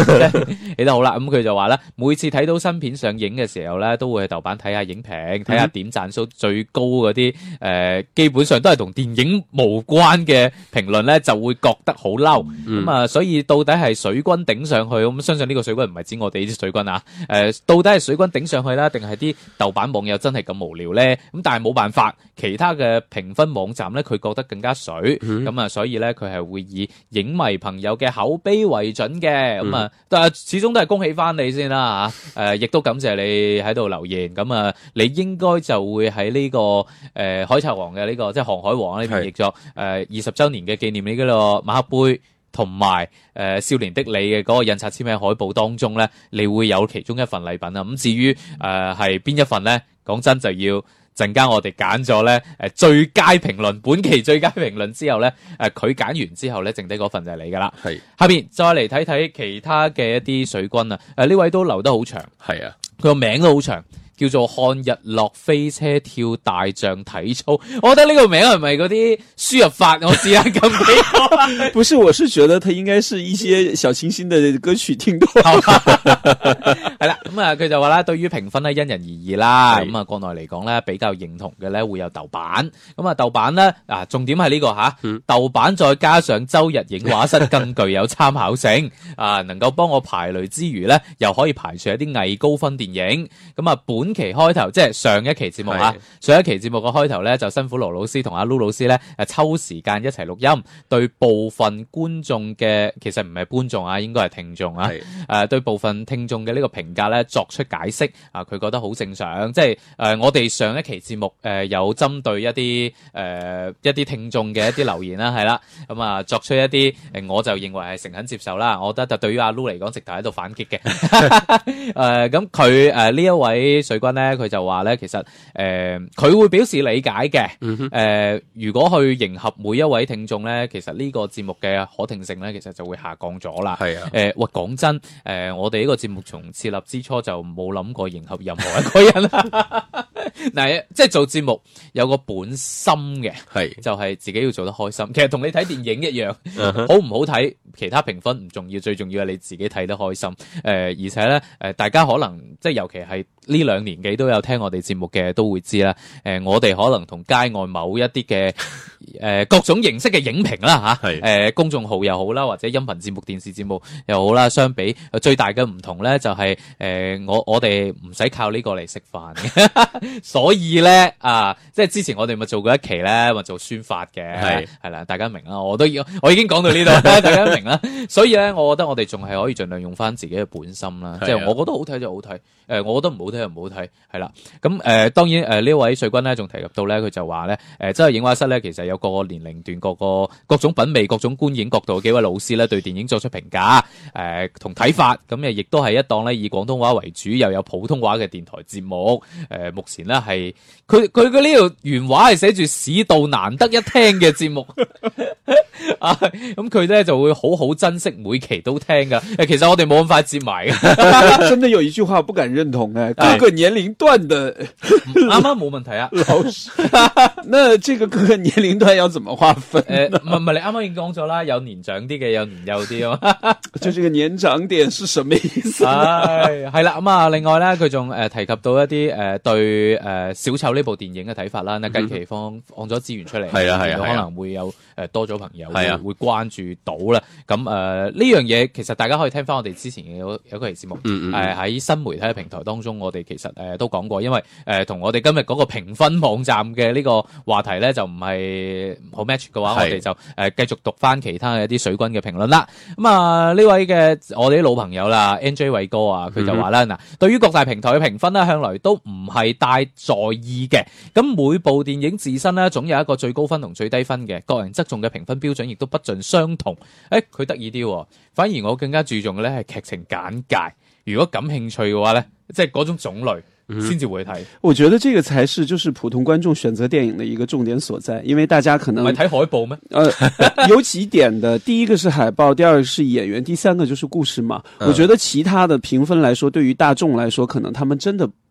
你都好啦，咁佢就話咧，每次睇到新片上映嘅時候咧，都會去豆瓣睇下影評，睇下點讚數最高嗰啲，誒，基本上都係同電影無關嘅評論咧，就會覺得好嬲。咁啊，所以到底係水軍頂上去？咁相信呢個水軍唔係指我哋呢啲水軍啊？誒，到底係水軍頂上去啦，定係啲豆瓣網友真係咁無聊呢？咁但係冇辦法，其他嘅評分網站呢，佢覺得更加水，咁啊，所以呢佢係會以影迷朋友嘅口碑為準嘅，咁啊，但係始終都係恭喜返你先啦嚇！誒，亦都感謝你喺度留言，咁啊，你應該就會喺呢個誒《海賊王》嘅呢個即係《航海王》呢邊，譯作誒二十週年嘅紀念呢個馬克杯。同埋誒少年的你嘅嗰個印刷簽名海報當中呢，你會有其中一份禮品啊！咁至於誒係邊一份呢？講真就要陣間我哋揀咗呢，誒最佳評論、本期最佳評論之後呢，誒佢揀完之後呢，剩低嗰份就係你㗎喇。係是，下邊再嚟睇睇其他嘅一啲水軍啊！誒呢位都留得好長，係啊，佢個名都好長。叫做看日落、飛車、跳大象、體操，我覺得呢個名係咪嗰啲輸入法？我知啦咁幾好啦。 不是，我是覺得佢應該是一些小清新的歌曲聽到啦。係 啦， 咁啊佢就話啦，對於評分呢因人而異啦。咁啊是、嗯、國內嚟講呢，比較認同嘅呢會有豆瓣。咁、嗯、啊豆瓣呢，啊重點係呢、呢個吓。啊嗯、豆瓣再加上周日影畫室更具有參考性 啊，能夠幫我排雷之餘呢，又可以排除一啲偽高分電影。咁、嗯、啊本期開頭即係上一期節目啊，的上一期節目個開頭咧就辛苦羅老師同阿 Lu 老師咧誒抽時間一齊錄音，對部分觀眾嘅，其實唔係觀眾啊，應該係聽眾啊，誒的、呃、對部分聽眾嘅呢個評價咧作出解釋啊，佢覺得好正常，即係誒、呃、我哋上一期節目誒、呃、有針對一啲誒、呃、一啲聽眾嘅一啲留言啦係啦，咁啊、 嗯、作出一啲誒我就認為係誠懇接受啦，我覺得就對於阿 Lu 嚟講直頭喺度反擊嘅，誒咁佢誒呢一位水咧佢就話咧，其實誒，佢、呃、會表示理解嘅。誒、呃，如果去迎合每一位聽眾咧，其實呢個節目嘅可聽性咧，其實就會下降咗啦。係啊，誒、呃，喂，講真，誒，我哋呢個節目從設立之初就冇諗過迎合任何一個人啦。 嗱，即係 做節目有個本心嘅，係的就係自己要做得開心。其實同你睇電影一樣，uh huh. 好唔好睇，其他評分唔重要，最重要係你自己睇得開心。誒、呃，而且咧，誒、呃，大家可能即係尤其係呢兩年幾都有聽我哋節目嘅，都會知啦。誒、呃，我哋可能同街外某一啲嘅誒各種形式嘅影評啦，吓、啊，誒的、呃、公眾號又好啦，或者音頻節目、電視節目又好啦，相比最大嘅唔同咧，就係、是、誒、呃、我我哋唔使靠呢個嚟食飯嘅。 所以咧啊，即係之前我哋咪做過一期咧，話做宣發嘅，係係啦，大家明啦。我都要，我已經講到呢度 大家明啦。所以咧，我覺得我哋仲係可以盡量用翻自己嘅本心啦，即係的我覺得好睇就好睇。誒，我覺得唔好睇，唔好睇，係啦。咁誒、呃，當然誒呢、呃、位瑞君呢，仲提及到咧，佢就話咧，誒真係影畫室咧，其實有各個年齡段、個個各種品味、各種觀影角度嘅幾位老師咧，對電影作出評價，誒同睇法。咁亦都係一檔咧以廣東話為主，又有普通話嘅電台節目。誒、呃，目前呢，係佢佢嘅呢條原話係寫住史到難得一聽嘅節目。咁佢咧就會好好珍惜每期都聽噶。其實我哋冇咁快接埋。 真的有一句話不敢。認同嘅各個年齡段的啱啱冇問題啊，老師。那這個各個年齡段要怎麼劃分？誒、呃，唔係唔係，你啱啱已經講咗啦，有年長啲嘅，有年幼啲啊。 就係個年長點是什麼意思？係啦、哎，咁啊、嗯，另外咧，佢仲誒提及到一啲誒、呃、對誒、呃、小丑呢部電影嘅睇法啦。那近期放放咗資源出嚟，係啦係啦，可能會有，多咗朋友，係啊，會關注到啦。咁誒、啊，呢樣嘢其實大家可以聽翻我哋之前有有一個節目，喺、嗯嗯呃、新媒體嘅平台當中，我哋其實誒、呃、都講過。因為誒同、呃、我哋今日嗰個評分網站嘅呢個話題呢，就唔係好 match 嘅話，是我哋就誒、呃、繼續讀翻其他嘅一啲水軍嘅評論啦。咁、嗯、啊，呢、呃、位嘅我哋啲老朋友啦，N J 偉哥啊，佢就話啦，嗱、嗯嗯，對於各大平台嘅評分呢，向來都唔係大在意嘅。咁每部電影自身呢，總有一個最高分同最低分嘅，個人則。眾嘅評分標準亦都不盡相同，誒、欸，佢得意啲，反而我更加注重嘅呢，係劇情簡介。如果感興趣嘅話呢，即係嗰種種類先至會睇、嗯。我覺得這個才是就是普通觀眾選擇電影的一個重點所在，因為大家可能係睇海報咩、呃？有幾點的，第一個是海報，第二個是演員，第三個就是故事嘛。我覺得其他的評分來說，對於大眾來說，可能他們真的。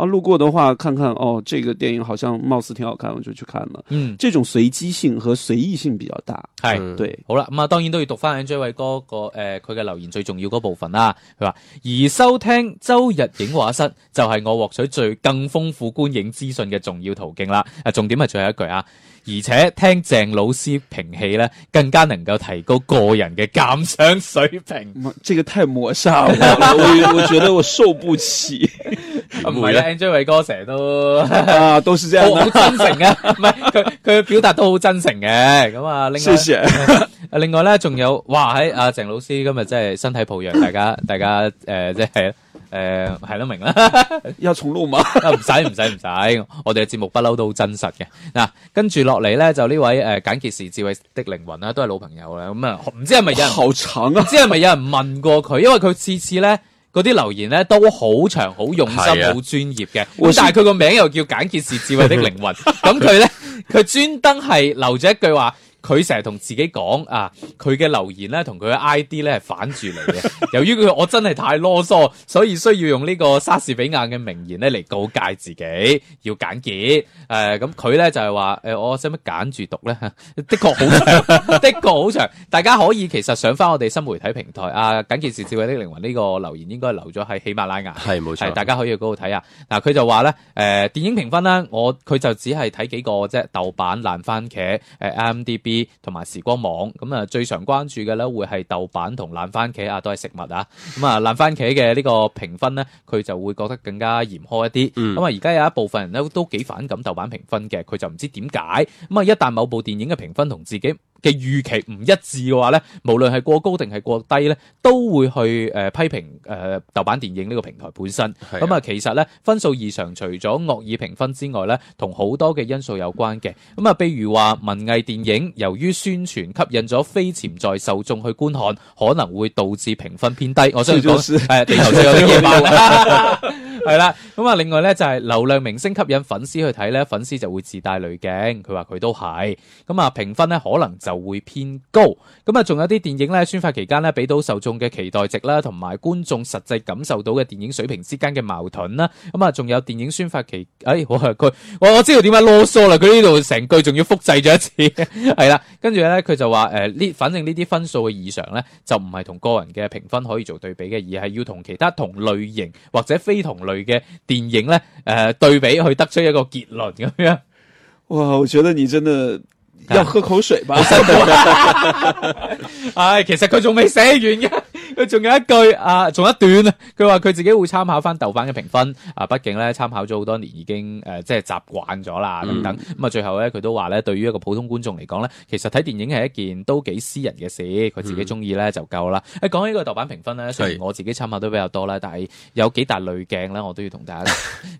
啊，路過的話，看看哦，這個電影好像貌似挺好看，我就去看了。嗯，這種隨機性和隨意性比較大。係是，對，嗯、好啦咁啊，當然都要讀翻阿 J J 偉哥個誒，佢、呃、嘅留言最重要嗰部分啦。佢話而收聽周日影畫室 就係我獲取最更豐富觀影資訊嘅重要途徑啦。啊，重點係最後一句啊，而且聽鄭老師評戲咧，更加能夠提高個人嘅鑑賞水平。這個太磨砂 我，我我覺得我受不起。 唔係咧，J 偉哥成日都啊，都是這樣，好真誠啊，唔係佢佢表達都好真誠嘅，咁、嗯、啊，另外啊謝謝，另外咧，仲有哇，喺阿鄭老師今日真係身體抱恙， 大家大家誒，即係誒，係、呃、都明啦，要重露嗎？唔使唔使唔使，我哋嘅節目不嬲都好真實嘅嗱，跟住落嚟咧就呢位誒、呃、簡潔係智慧的靈魂啦，都係老朋友啦，咁、嗯、啊，唔知係咪有人，好慘啊，唔知係咪有人問過佢，因為佢次次咧。嗰啲留言咧都好長，好用心，好專業嘅。啊、但係佢個名又叫簡潔是智慧的靈魂。咁佢咧，佢專登係留咗一句話。佢成日同自己講啊，佢嘅留言咧同佢嘅 I D 咧係反住嚟嘅。 由於佢我真係太囉嗦，所以需要用呢個莎士比亞嘅名言咧嚟告誡自己要簡潔。誒、呃，咁佢咧就係話誒，我使乜揀住讀咧、啊？的確好長， 的確好長。大家可以其實上翻我哋新媒體平台啊，簡潔是智慧的靈魂呢、這個留言應該留咗喺喜馬拉雅，係冇錯。大家可以去嗰度睇下。嗱、啊，佢就話咧，誒、呃，電影評分啦我佢就只係睇幾個啫，豆瓣、爛番茄、誒、呃、I M D B 同埋時光網咁啊，最常關注嘅咧會係豆瓣同爛番茄啊，都係食物啊。咁啊，爛番茄嘅呢個評分咧，佢就會覺得更加嚴苛一啲。咁啊、嗯，而家有一部分人咧都幾反感豆瓣評分嘅，佢就唔知點解。咁啊，一旦某部電影嘅評分同自己嘅預期唔一致嘅話咧，無論係過高定係過低咧，都會去誒、呃、批評誒、呃、豆瓣電影呢個平台本身。咁啊的，其實咧，分數異常除咗惡意評分之外咧，同好多嘅因素有關嘅。咁啊，譬如話文藝電影由於宣傳吸引咗非潛在受眾去觀看，可能會導致評分偏低。我想講誒，地球上有啲嘢爆啦，係啦。咁啊，另外咧就係、是、流量明星吸引粉絲去睇咧，粉絲就會自帶濾鏡，佢話佢都係。咁啊，，評、嗯、分咧可能就會偏高咁啊！仲有啲電影咧，宣發期間咧，俾到受眾嘅期待值啦，同埋觀眾實際感受到嘅電影水平之間嘅矛盾啦，咁啊，仲有電影宣發期，哎，我佢，我我知道點解囉嗦啦，佢呢度成句仲要複製咗一次，係啦，跟住咧，佢就話誒，呢，反正呢啲分數嘅異常咧，就唔係同個人嘅評分可以做對比嘅，而係要同其他同類型或者非同類嘅電影咧，誒，對比去得出一個結論咁樣。哇，我覺得你真嘅。要喝口水吧？ 哎，其實佢仲未寫完嘅。佢仲有一句啊，仲有一段啊，佢話佢自己會參考翻豆瓣嘅評分啊，畢竟咧參考咗好多年，已經誒、呃、即係習慣咗啦，等等咁啊，嗯、最後咧佢都話咧，對於一個普通觀眾嚟講咧，其實睇電影係一件都幾私人嘅事，佢自己中意咧就夠啦。誒、嗯，講起呢個豆瓣評分咧，是雖然我自己參考都比較多啦，但係有幾大濾鏡咧，我都要同大家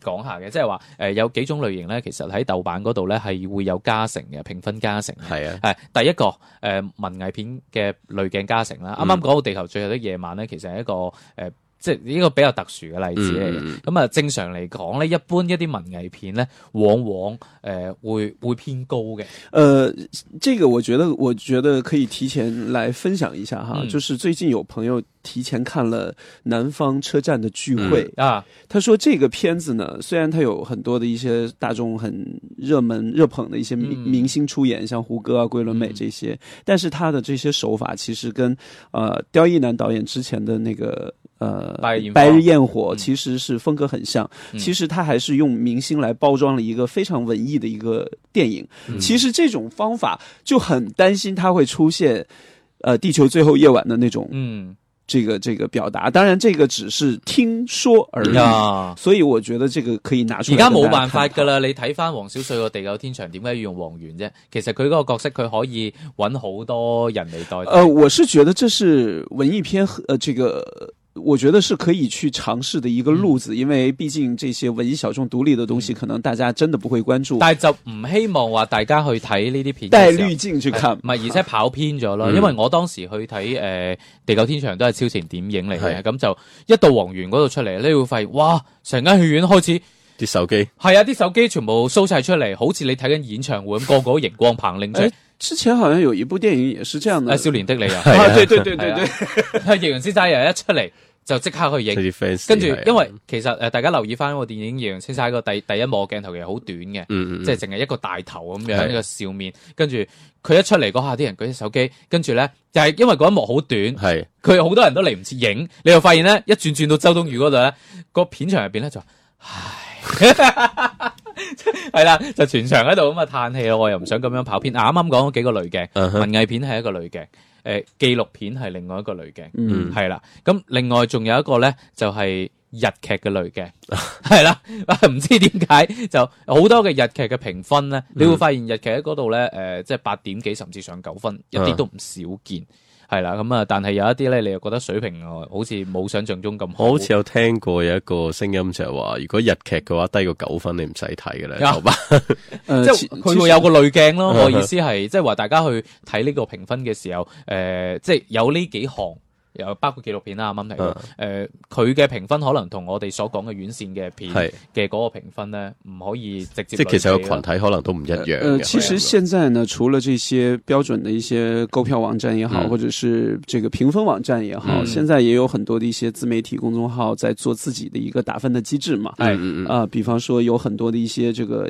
講下嘅，即係話誒有幾種類型咧，其實喺豆瓣嗰度咧係會有加成嘅評分加成係啊，係、哎、第一個誒、呃、文藝片嘅濾鏡加成啦，啱啱講到地球最後啲嘢、嗯。夜晚咧，其實係一個誒、呃，即係呢個比較特殊嘅例子嚟嘅。咁啊，正常嚟講咧，一般一啲文藝片咧，往往誒、呃、會會偏高嘅。誒，這個我覺得，我覺得可以提前來分享一下哈，就是最近有朋友。提前看了《南方車站的聚會》，嗯啊，他說這個片子呢，雖然它有很多的一些大眾很熱門、熱捧的一些明、嗯、明星出演，像胡歌啊、桂綸鎂這些，嗯、但是他的這些手法其實跟呃刁亦男導演之前的那個呃《白日焰火》其實是風格很像。嗯、其實他還是用明星來包裝了一個非常文藝的一個電影。嗯、其實這種方法就很擔心他會出現呃《地球最後夜晚》的那種嗯。這個這個表達，當然這個只是聽說而已，yeah, 所以我覺得這個可以拿出嚟。而家冇辦法噶啦，你睇翻，王小帥個《地久天長》，點解要用王源啫？其實佢嗰個角色，佢可以揾好多人嚟代替。誒，我是覺得這是文藝片和，呃、這個。我覺得是可以去嘗試的一個路子，因為畢竟這些文藝小眾、獨立的東西，嗯、可能大家真的不會關注。但係就唔希望話大家去睇呢啲片。但係濾鏡去看，唔係，而且跑偏咗咯。啊、因為我當時去睇《誒、呃、地久天長》都係超前點映嚟嘅，咁就一到王源嗰度出嚟，你會發現哇，成間戲院開始啲手機係啊，啲手機全部 show 晒出嚟，好似你睇緊演唱會咁，個個熒光棒拎出嚟。之前好像有一部電影也是這樣的，啊，少年的你啊， 對對對對對 啊，易烊千璽又一出嚟就即刻去影， 跟住因為其實誒、呃、大家留意翻個電影易烊千璽個第一第一幕鏡頭其實好短嘅，嗯，嗯即係淨係一個大頭咁樣是的 一個笑面，跟住佢一出嚟嗰下啲人舉啲手機，跟住咧就係因為嗰一幕好短，係，佢好多人都嚟唔切影，是的 你又發現咧一轉轉到周冬雨嗰度咧個片場入邊咧就。係啦， 就全場喺度咁啊嘆氣咯，我又唔想咁樣跑偏。啱啱講咗幾個類嘅、uh huh. 文藝片係一個類嘅，誒，記、呃、錄片係另外一個類嘅嗯，係啦。咁、uh huh. 另外仲有一個咧，就係、是、日劇嘅類嘅係啦，唔、uh huh. 知點解就好多嘅日劇嘅評分咧，uh huh. 你會發現日劇喺嗰度咧，誒、呃，即係八點幾甚至上九分，一啲都唔少見。Uh huh. 係啦，咁啊，但係有一啲咧，你又覺得水平啊，好似冇想象中咁好。我好似有聽過有一個聲音就係話，如果日劇嘅話低過九分你，你唔使睇嘅啦。 即係佢會有個濾鏡咯。我、啊、意思係，即係話大家去睇呢個評分嘅時候，誒、呃，即、就、係、是、有呢幾行。有包括紀錄片啊，阿 m 誒，佢嘅評分可能同我哋所講嘅院線嘅片嘅嗰個評分咧，唔可以直接。即係其實個群體可能都唔一樣。誒、呃呃，其實現在呢，除了這些標準的一些購票網站也好，嗯、或者是這個評分網站也好，嗯、現在也有很多的一些自媒體公眾號在做自己的一個打分的機制嘛。啊、嗯嗯呃，比方說有很多的一些這個。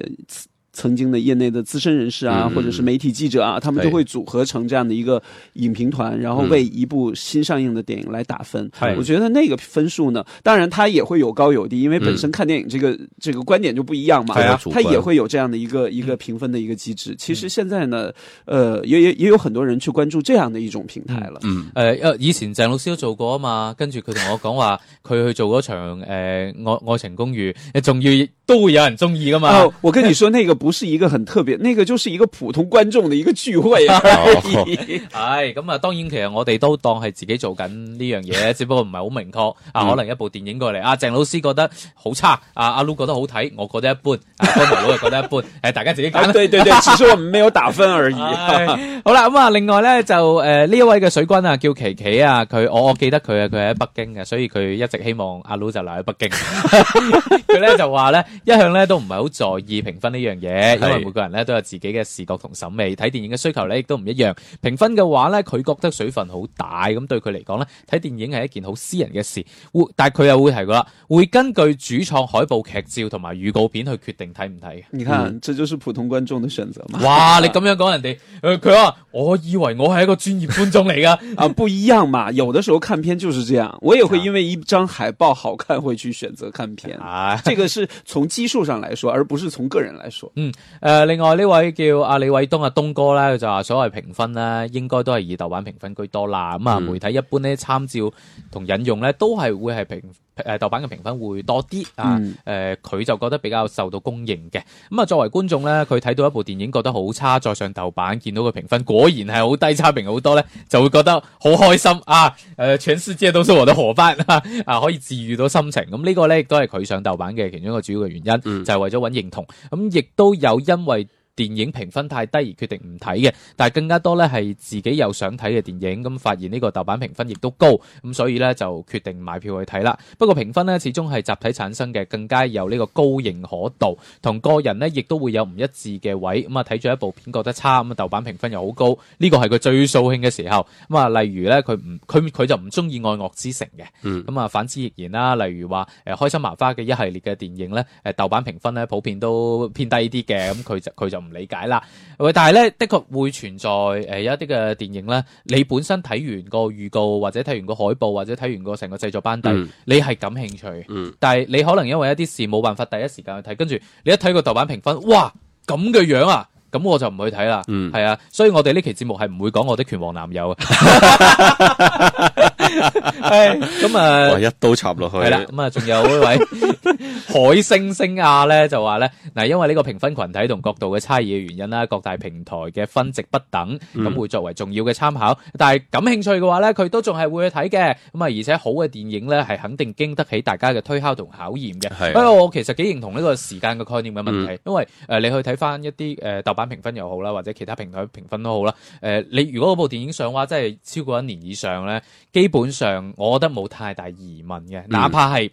曾經的業內的資深人士啊，嗯、或者是媒體記者啊，他們都會組合成這樣的一個影評團，嗯、然後為一部新上映的電影來打分。嗯、我覺得那個分數呢，當然它也會有高有低，因為本身看電影這個、嗯、這個觀點就不一樣嘛。嗯、對、它也會有這樣的一個、嗯、一個評分的一個機制。其實現在呢，嗯、呃，也也也有很多人去關注這樣的一種平台了。嗯，呃、嗯，嗯嗯、以前鄭老師都做過嘛，跟住佢同我講話，佢去做嗰場誒愛愛情公寓，仲要都會有人中意噶嘛、哦。我跟你說、嗯、那個。不是一個很特別，那個就是一個普通觀眾的一個聚會。係咁啊，當然其實我哋都當係自己做緊呢樣嘢，只不過唔係好明確 啊。可能一部電影過嚟，啊，鄭老師覺得好差，啊、阿阿盧覺得好睇，我覺得一般，阿麥佬又覺得一般。誒、 啊，大家自己講，啦。對對對，只是我沒有打分而已。好啦，咁、嗯、啊，另外咧就誒呢、呃、一位嘅水軍啊，叫琪琪啊，佢我我記得佢啊，佢喺北京嘅，所以佢一直希望阿盧就留喺北京。佢 咧就話咧，一向咧都唔係好在意評分呢樣嘢。因為每個人咧都有自己嘅視覺同審美，睇電影嘅需求咧亦都唔一樣。評分嘅話咧，佢覺得水分好大，咁對佢嚟講咧，睇電影係一件好私人嘅事。會，但係佢又會提過啦，會根據主創海報、劇照同埋預告片去決定睇唔睇。你看，這就是普通觀眾的選擇嘛。 哇，你咁樣講人哋，佢、呃、話、啊、我以為我係一個專業觀眾嚟噶。 啊，不一樣嘛，有的時候看片就是這樣，我也會因為一張海報好看會去選擇看片。啊， 這個是從基數上來說，而不是從個人來說。嗯，誒另外呢位叫阿李偉東啊東哥咧，佢就話所謂評分咧，應該都係以豆瓣評分居多啦。咁啊、嗯，媒體一般咧參照同引用咧，都係會係評。誒，豆瓣嘅評分會多啲啊，誒、呃，佢就覺得比較受到公認嘅。咁啊，作為觀眾咧，佢睇到一部電影覺得好差，再上豆瓣見到個評分果然係好低，差評好多咧，就會覺得好開心啊！誒、呃，喘息之都收穫到何翻啊，啊，可以治癒到心情。咁呢個咧，亦都係佢上豆瓣嘅其中一個主要嘅原因，嗯、就係為咗搵認同。咁亦都有因為。電影評分太低而決定唔睇嘅，但係更加多咧係自己有想睇嘅電影，咁發現呢個豆瓣評分亦都高，咁所以咧就決定買票去睇啦。不過評分咧始終係集體產生嘅，更加有呢個高認可度同個人呢亦都會有唔一致嘅位。咁啊睇咗一部片覺得差，咁豆瓣評分又好高，呢、這個係佢最掃興嘅時候。咁啊、嗯，例如咧佢唔佢佢就唔中意《愛樂之城》嘅，咁啊反之亦然啦。例如話誒《開心麻花》嘅一系列嘅電影咧，誒豆瓣評分咧普遍都偏低啲嘅，咁佢就佢就唔。理解啦，喂！但係咧的確會存在誒，有一啲嘅電影咧，你本身睇完個預告或者睇完個海報或者睇完整個成個製作班底，嗯、你係感興趣，嗯，但係你可能因為一啲事冇辦法第一時間去睇，跟住你一睇個豆瓣評分，哇咁嘅樣，樣啊，咁我就唔去睇啦，嗯，係啊，所以我哋呢期節目係唔會講我的拳王男友啊、嗯。 唉，咁啊、 哎嗯，一刀插落去係啦。咁啊、嗯，仲、嗯、有呢位海星星亞咧，就話咧，嗱，因為呢個評分群體同角度嘅差異嘅原因啦，各大平台嘅分值不等，咁會作為重要嘅參考。但係感興趣嘅話咧，佢都仲係會去睇嘅。咁啊，而且好嘅電影咧，係肯定經得起大家嘅推敲同考驗嘅。係，是的 不過我其實幾認同呢個時間嘅概念嘅問題，嗯、因為誒、呃，你去睇翻一啲誒，豆瓣評分又好啦，或者其他平台評分都好啦。誒、呃，你如果嗰部電影上畫，真係超過一年以上咧，基。基本上我覺得冇太大疑問嘅，哪怕係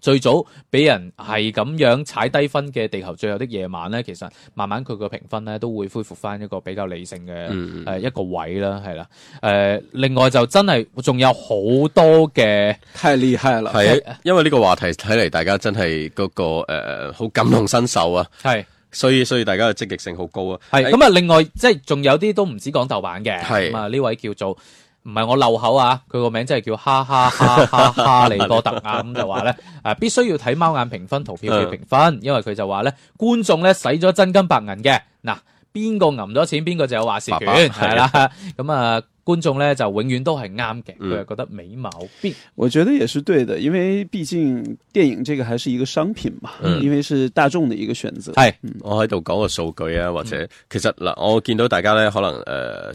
最早俾人係咁樣踩低分嘅《地球最後的夜晚》呢，其實慢慢佢個評分呢都會恢復翻一個比較理性嘅誒一個位啦，係啦誒。另外就真係仲有好多嘅太厲害啦，因為呢個話題睇嚟大家真係嗰、那個誒好、呃、感同身受啊，係的所以所以大家嘅積極性好高啊，係咁啊。的另外即係仲有啲都唔止講豆瓣嘅，係咁啊呢位叫做。唔係我漏口啊！佢個名真係叫哈哈哈哈哈哈利波特 啊！咁就話咧，誒必須要睇貓眼評分、投票評分，因為佢就話咧，觀眾咧使咗真金白銀嘅嗱，邊個揞咗錢，邊個就有話事權，係爸啦，咁 啊。觀眾咧就永遠都係啱嘅，佢係、嗯、覺得冇毛病。我覺得也是對的，因為畢竟電影這個還是一個商品嘛，嗯、因為是大眾的一個選擇。係是，嗯、我喺度講個數據啊，或者、嗯、其實嗱，我見到大家咧可能誒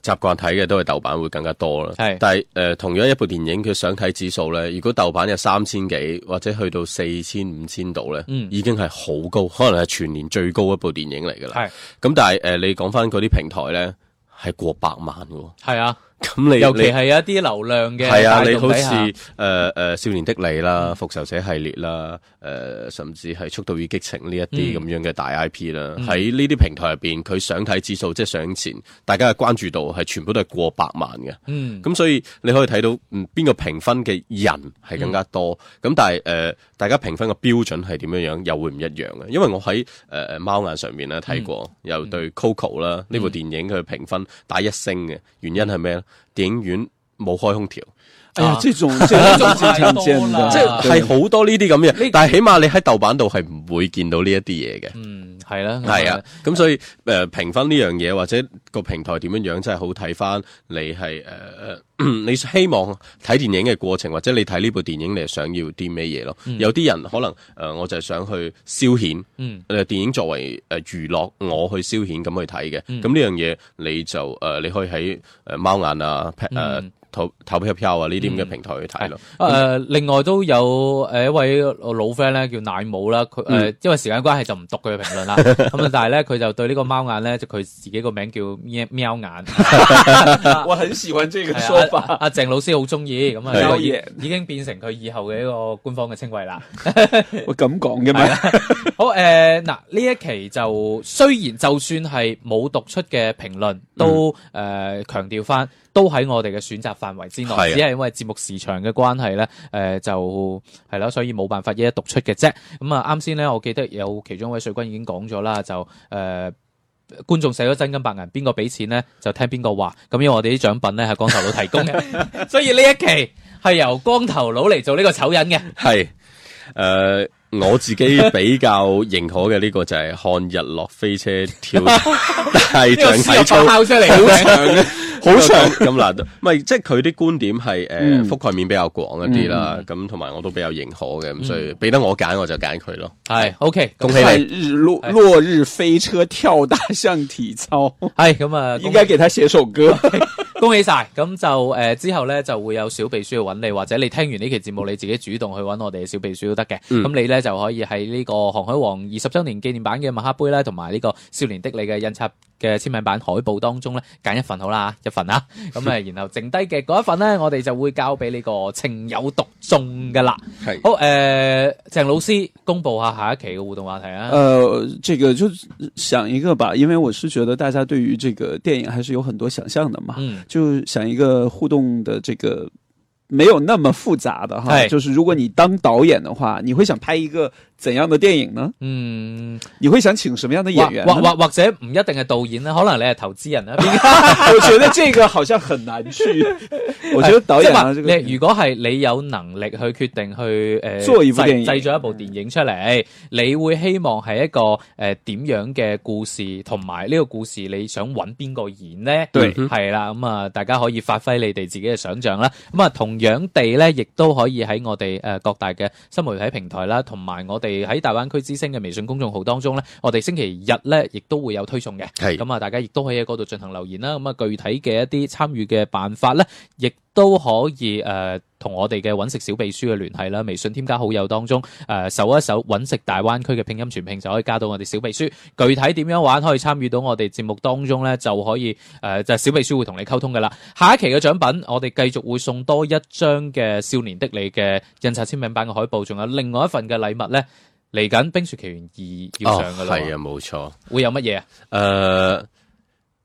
習慣睇嘅都係豆瓣會更加多啦。是但係誒、呃、同樣一部電影，佢想睇指數咧，如果豆瓣有三千幾或者去到四千五千度咧，嗯、已經係好高，可能係全年最高一部電影嚟噶啦。咁是但係誒、呃、你講翻嗰啲平台咧，係過百萬嘅。係啊。咁你尤其係一啲流量嘅，係啊，你好似誒誒，少年的你啦，復、嗯、仇者系列啦，誒、呃，甚至係速度與激情呢一啲咁樣嘅大 IP 啦、嗯，喺呢啲平台入邊，佢想睇指數即係、就是、上前，大家嘅關注度係全部都係過百萬嘅。嗯，咁所以你可以睇到，嗯、呃，邊個評分嘅人係更加多，咁、嗯、但係誒、呃，大家評分嘅標準係點樣樣又會唔一樣嘅？因為我喺誒誒貓眼上面咧睇過，又、嗯、對 Coco 啦呢、嗯、部電影佢嘅評分打一星嘅，原因係咩咧？嗯嗯電影院冇開空調。即係做即係做事即係係好多呢啲咁嘅，但係起碼你喺豆瓣度係唔會見到呢一啲嘢嘅。嗯，係啦，係啊。咁所以誒，評分呢樣嘢或者個平台點樣樣，真係好睇翻你係誒，你希望睇電影嘅過程，或者你睇呢部電影，你係想要啲咩嘢咯？有啲人可能誒，我就係想去消遣，嗯，電影作為誒娛樂，我去消遣咁去睇嘅。咁呢樣嘢你就誒，你可以喺誒貓眼啊，誒。投投票，票啊，呢啲咁嘅平台去睇咯。誒、嗯呃，另外都有誒一位老 friend 咧叫奶母啦，佢誒、嗯、因為時間關係就唔讀佢嘅評論啦。咁啊， 但係咧佢就對個貓呢個貓眼咧，就佢自己個名叫喵喵眼。我很時喜歡這個說法。阿鄭、啊啊、老師好中意，咁、嗯、啊，是所以已經變成佢以後嘅一個官方嘅稱謂啦。 喂，咁講嘅咩？好誒，嗱、呃、呢一期就雖然就算係冇讀出嘅評論，都誒強調翻。嗯呃都喺我哋嘅選擇範圍之內，是的只係因為節目時長嘅關係咧，誒、呃、就係啦，所以冇辦法一一讀出嘅啫。咁、嗯、啊，啱先咧，我記得有其中一位水軍已經講咗啦，就誒、呃、觀眾寫咗真金白銀，邊個俾錢咧就聽邊個話。咁因為我哋啲獎品咧係光頭佬提供嘅， 所以呢一期係由光頭佬嚟做呢個醜人嘅。係誒、呃，我自己比較認可嘅呢個就係看日落飛車跳大象體操 好長咁難得，唔係即係佢啲觀點係誒覆蓋面比較廣一啲啦，咁同埋我都比較認可嘅，咁所以俾得我揀我就揀佢咯。係，OK，恭喜你。日落，落日飛車，跳大象體操。係，咁啊，應該給他寫首歌，恭喜晒。咁就誒之後呢就會有小秘書去揾你，或者你聽完呢期節目你自己主動去揾我哋嘅小秘書都得嘅。咁你呢就可以喺呢個《航海王》二十周年紀念版嘅馬克杯啦，同埋呢個《少年的你》嘅印刷。嘅簽名版海報當中咧，揀一份好啦，一份啊，咁、嗯、啊，然後剩低嘅嗰一份咧，是我哋就會交俾呢個情有獨鍾噶啦。係是好誒，鄭、呃、老師公布一下下一期嘅互動話題啊。誒、呃，這個就想一個吧，因為我是覺得大家對於這個電影還是有很多想象的嘛，嗯、就想一個互動的這個。沒有那麼複雜的哈，就是如果你當導演的話，你會想拍一個怎樣的電影呢？嗯，你會想請什麼樣的演員？或或者唔一定係導演啦，可能你係投資人啦。我覺得這個好像很難去。我覺得導演，如果係你有能力去決定去誒製製作一部電影出嚟，你會希望係一個誒點樣嘅故事，同埋呢個故事你想揾邊個演呢？對，係啦，咁啊，大家可以發揮你哋自己嘅想象啦。咁啊同。樣地咧，亦都可以喺我哋誒各大嘅新媒體平台啦，同埋我哋喺大灣區之星嘅微信公眾號當中咧，我哋星期日咧亦都會有推送嘅。係咁啊，大家亦都可以喺嗰度進行留言啦。咁啊，具體嘅一啲參與嘅辦法咧，亦。都可以誒同、呃、我哋嘅揾食小秘書嘅聯繫啦，微信添加好友當中誒搜、呃、一搜揾食大灣區嘅拼音全拼就可以加到我哋小秘書。具體點樣玩可以參與到我哋節目當中呢？就可以誒、呃、就係、是、小秘書會同你溝通㗎啦。下一期嘅獎品，我哋繼續會送多一張嘅少年的你嘅印刷簽名版嘅海報，仲有另外一份嘅禮物呢。嚟緊《冰雪奇緣二》要上㗎啦，係啊、哦，冇錯。會有乜嘢啊？呃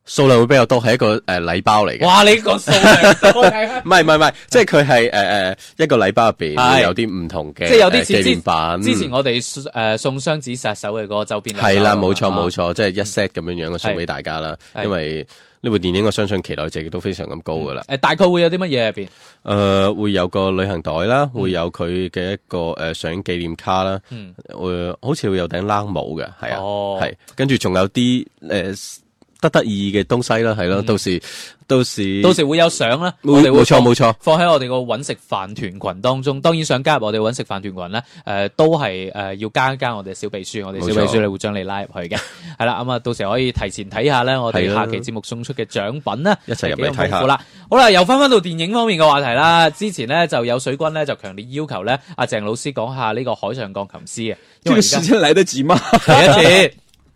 數量會比較多，係一個誒禮包嚟嘅。哇！你個數量唔係唔係唔係，即係佢係誒誒一個禮包入邊有啲唔同嘅，即係有啲紀念品。之前我哋誒送雙子殺手嘅嗰個周邊係啦，冇錯冇錯，即係一 set 咁樣樣嘅送俾大家啦。因為呢部電影，我相信期待值都非常咁高噶啦。誒，大概會有啲乜嘢入邊？誒，會有個旅行袋啦，會有佢嘅一個誒上映紀念卡啦。嗯，好似會有頂冷帽嘅，係啊，係，跟住仲有啲誒，得得意嘅東西啦，係咯、嗯，到時到時到時會有相啦，冇錯冇錯，放喺我哋個揾食飯團群當中。當然想加入我哋揾食飯團群咧，誒、呃，都係誒、呃、要加一加我哋小秘書，我哋小秘書會將你拉入去嘅。係啦，冇錯，咁啊，到時可以提前睇下咧，我哋下期節目送出嘅獎品呢，一齊入去睇下啦。好啦，好啦，又翻翻到電影方面嘅話題啦。之前呢，就有水軍咧就強烈要求咧，阿鄭老師講下呢個海上鋼琴師啊。因為這個時間來得及嗎？第一次。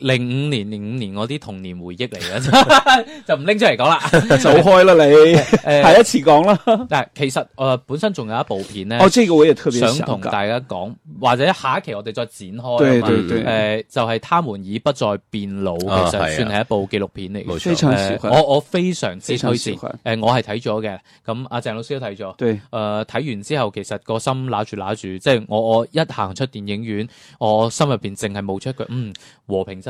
零五年、零五年我啲童年回憶嚟嘅，就唔拎出嚟講啦，走開啦你，係一次講啦。但係其實誒本身仲有一部片咧，哦，這個我也特別想同大家講，或者下一期我哋再展開。對對對，誒就係他們已不再變老，其實算係一部紀錄片嚟嘅。非常之，我我非常之推薦。誒，我係睇咗嘅，咁阿鄭老師都睇咗。對，誒睇完之後其實個心揦住揦住，即係我我一行出電影院，我心入面淨係冒出一句嗯和平真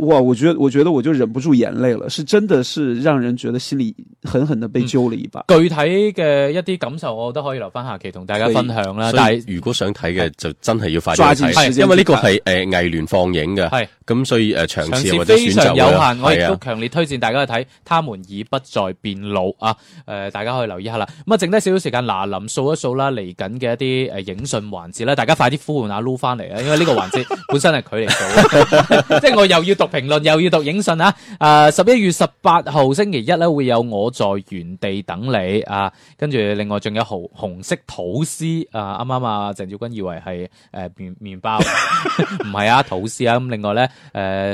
哇！我覺得我覺得我就忍不住眼淚了，是真的是讓人覺得心裏狠狠地被揪了一把。嗯、具體嘅一啲感受，我都可以留翻下期同大家分享啦。但係是如果想睇嘅、嗯、就真係要快啲睇，因為呢個係誒藝聯放映嘅，係咁是所以誒場次或者選擇有限，我亦都強烈推薦大家去睇《對他們已不再變老》啊！誒、呃，大家可以留意一下啦。咁啊，剩低少少時間，嗱臨數一數啦，嚟緊嘅一啲誒影訊環節啦，大家快啲呼喚阿撈翻嚟啊！因為呢個環節本身係佢嚟做，即係 我又要評論又要讀影訊啊！誒、呃，十一月十八號星期一咧會有我在原地等你啊，跟住另外仲有紅紅色吐司啊，啱啱啊鄭兆君以為係誒、呃、麵麵包，唔係 啊吐司啊，咁另外咧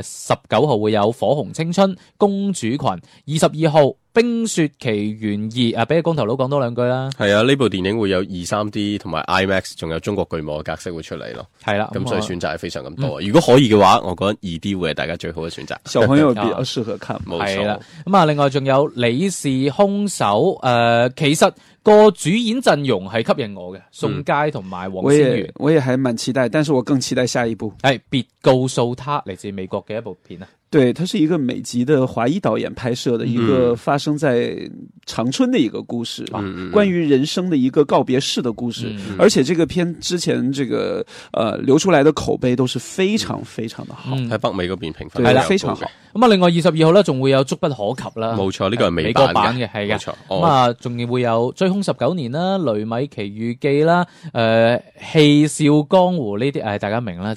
誒十九號會有火紅青春公主裙，二十二號。《冰雪奇緣二》啊，俾你光頭佬講多兩句啦。係啊，呢部電影會有二三 D 同埋 IMAX，仲有中國巨幕嘅格式會出嚟咯。係啦、啊，咁、嗯、所以選擇係非常咁多。嗯、如果可以嘅話，我覺得二 D 會係大家最好嘅選擇。小朋友比較適合看。冇錯、嗯。啦錯，咁啊，另外仲有《你是凶手》誒、呃，其實個主演陣容係吸引我嘅，宋佳同埋黃仙宇。我也還蠻期待，但是我更期待下一部。係別告訴他，嚟自美國嘅一部片啊。對，它是一個美籍的華裔導演拍攝的一個發生在長春的一個故事、嗯、啊，嗯、關於人生的一個告別式的故事。嗯、而且這個片之前這個呃流出來的口碑都是非常非常的好，在北美嗰邊評分非常好。咁啊，另外二十二號呢仲會有《觸不可及》啦，冇錯，呢、這個係美，美國版嘅，係嘅錯。冇咁啊，仲要、哦、會有《追凶十九年》啦，《雷米奇遇記》啦，誒、呃，《氣笑江湖這些》呢、哎、啲大家明白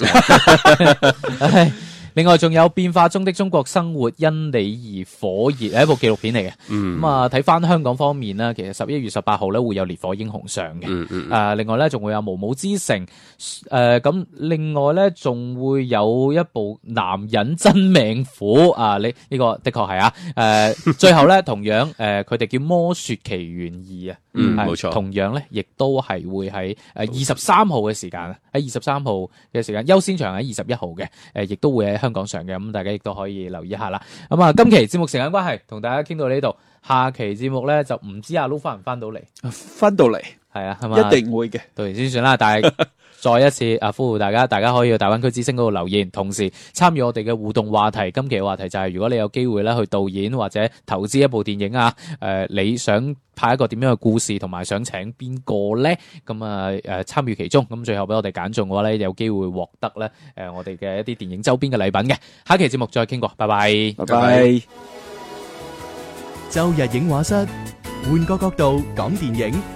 啦。 另外仲有變化中的中國生活因你而火熱，係一部紀錄片嚟嘅。咁啊，睇翻香港方面咧，其實十一月十八號咧會有烈火英雄上嘅、mm hmm. 啊。啊，另外咧仲會有毛毛之城。誒，咁另外咧仲會有一部男人真命苦啊！你呢、呢個的確係啊。誒、啊、 最後咧同樣誒佢哋叫魔雪奇緣二、mm hmm. 啊。嗯，冇錯。同樣咧亦都係會喺誒二十三號嘅時間，喺二十三號嘅時間優先場，喺二十一號嘅誒，亦都會喺。在香港上嘅咁，大家亦都可以留意一下啦。咁啊，今期節目時間關係，同大家傾到呢度，下期節目咧就唔知阿 l o 翻唔翻到嚟，翻到嚟，係啊，一定會嘅。到完先算啦，但係。 再一次啊，呼籲大家，大家可以去大灣區之星嗰度留言，同時參與我哋嘅互動話題。今期嘅話題就係，如果你有機會咧去導演或者投資一部電影啊，誒，你想拍一個點樣嘅故事，同埋想請邊個呢？咁啊誒，參與其中，咁最後俾我哋揀中嘅話呢，有機會獲得呢誒，我哋嘅一啲電影周邊嘅禮品嘅。下期節目再傾過，拜拜，拜拜。周日影畫室，換個角度講電影。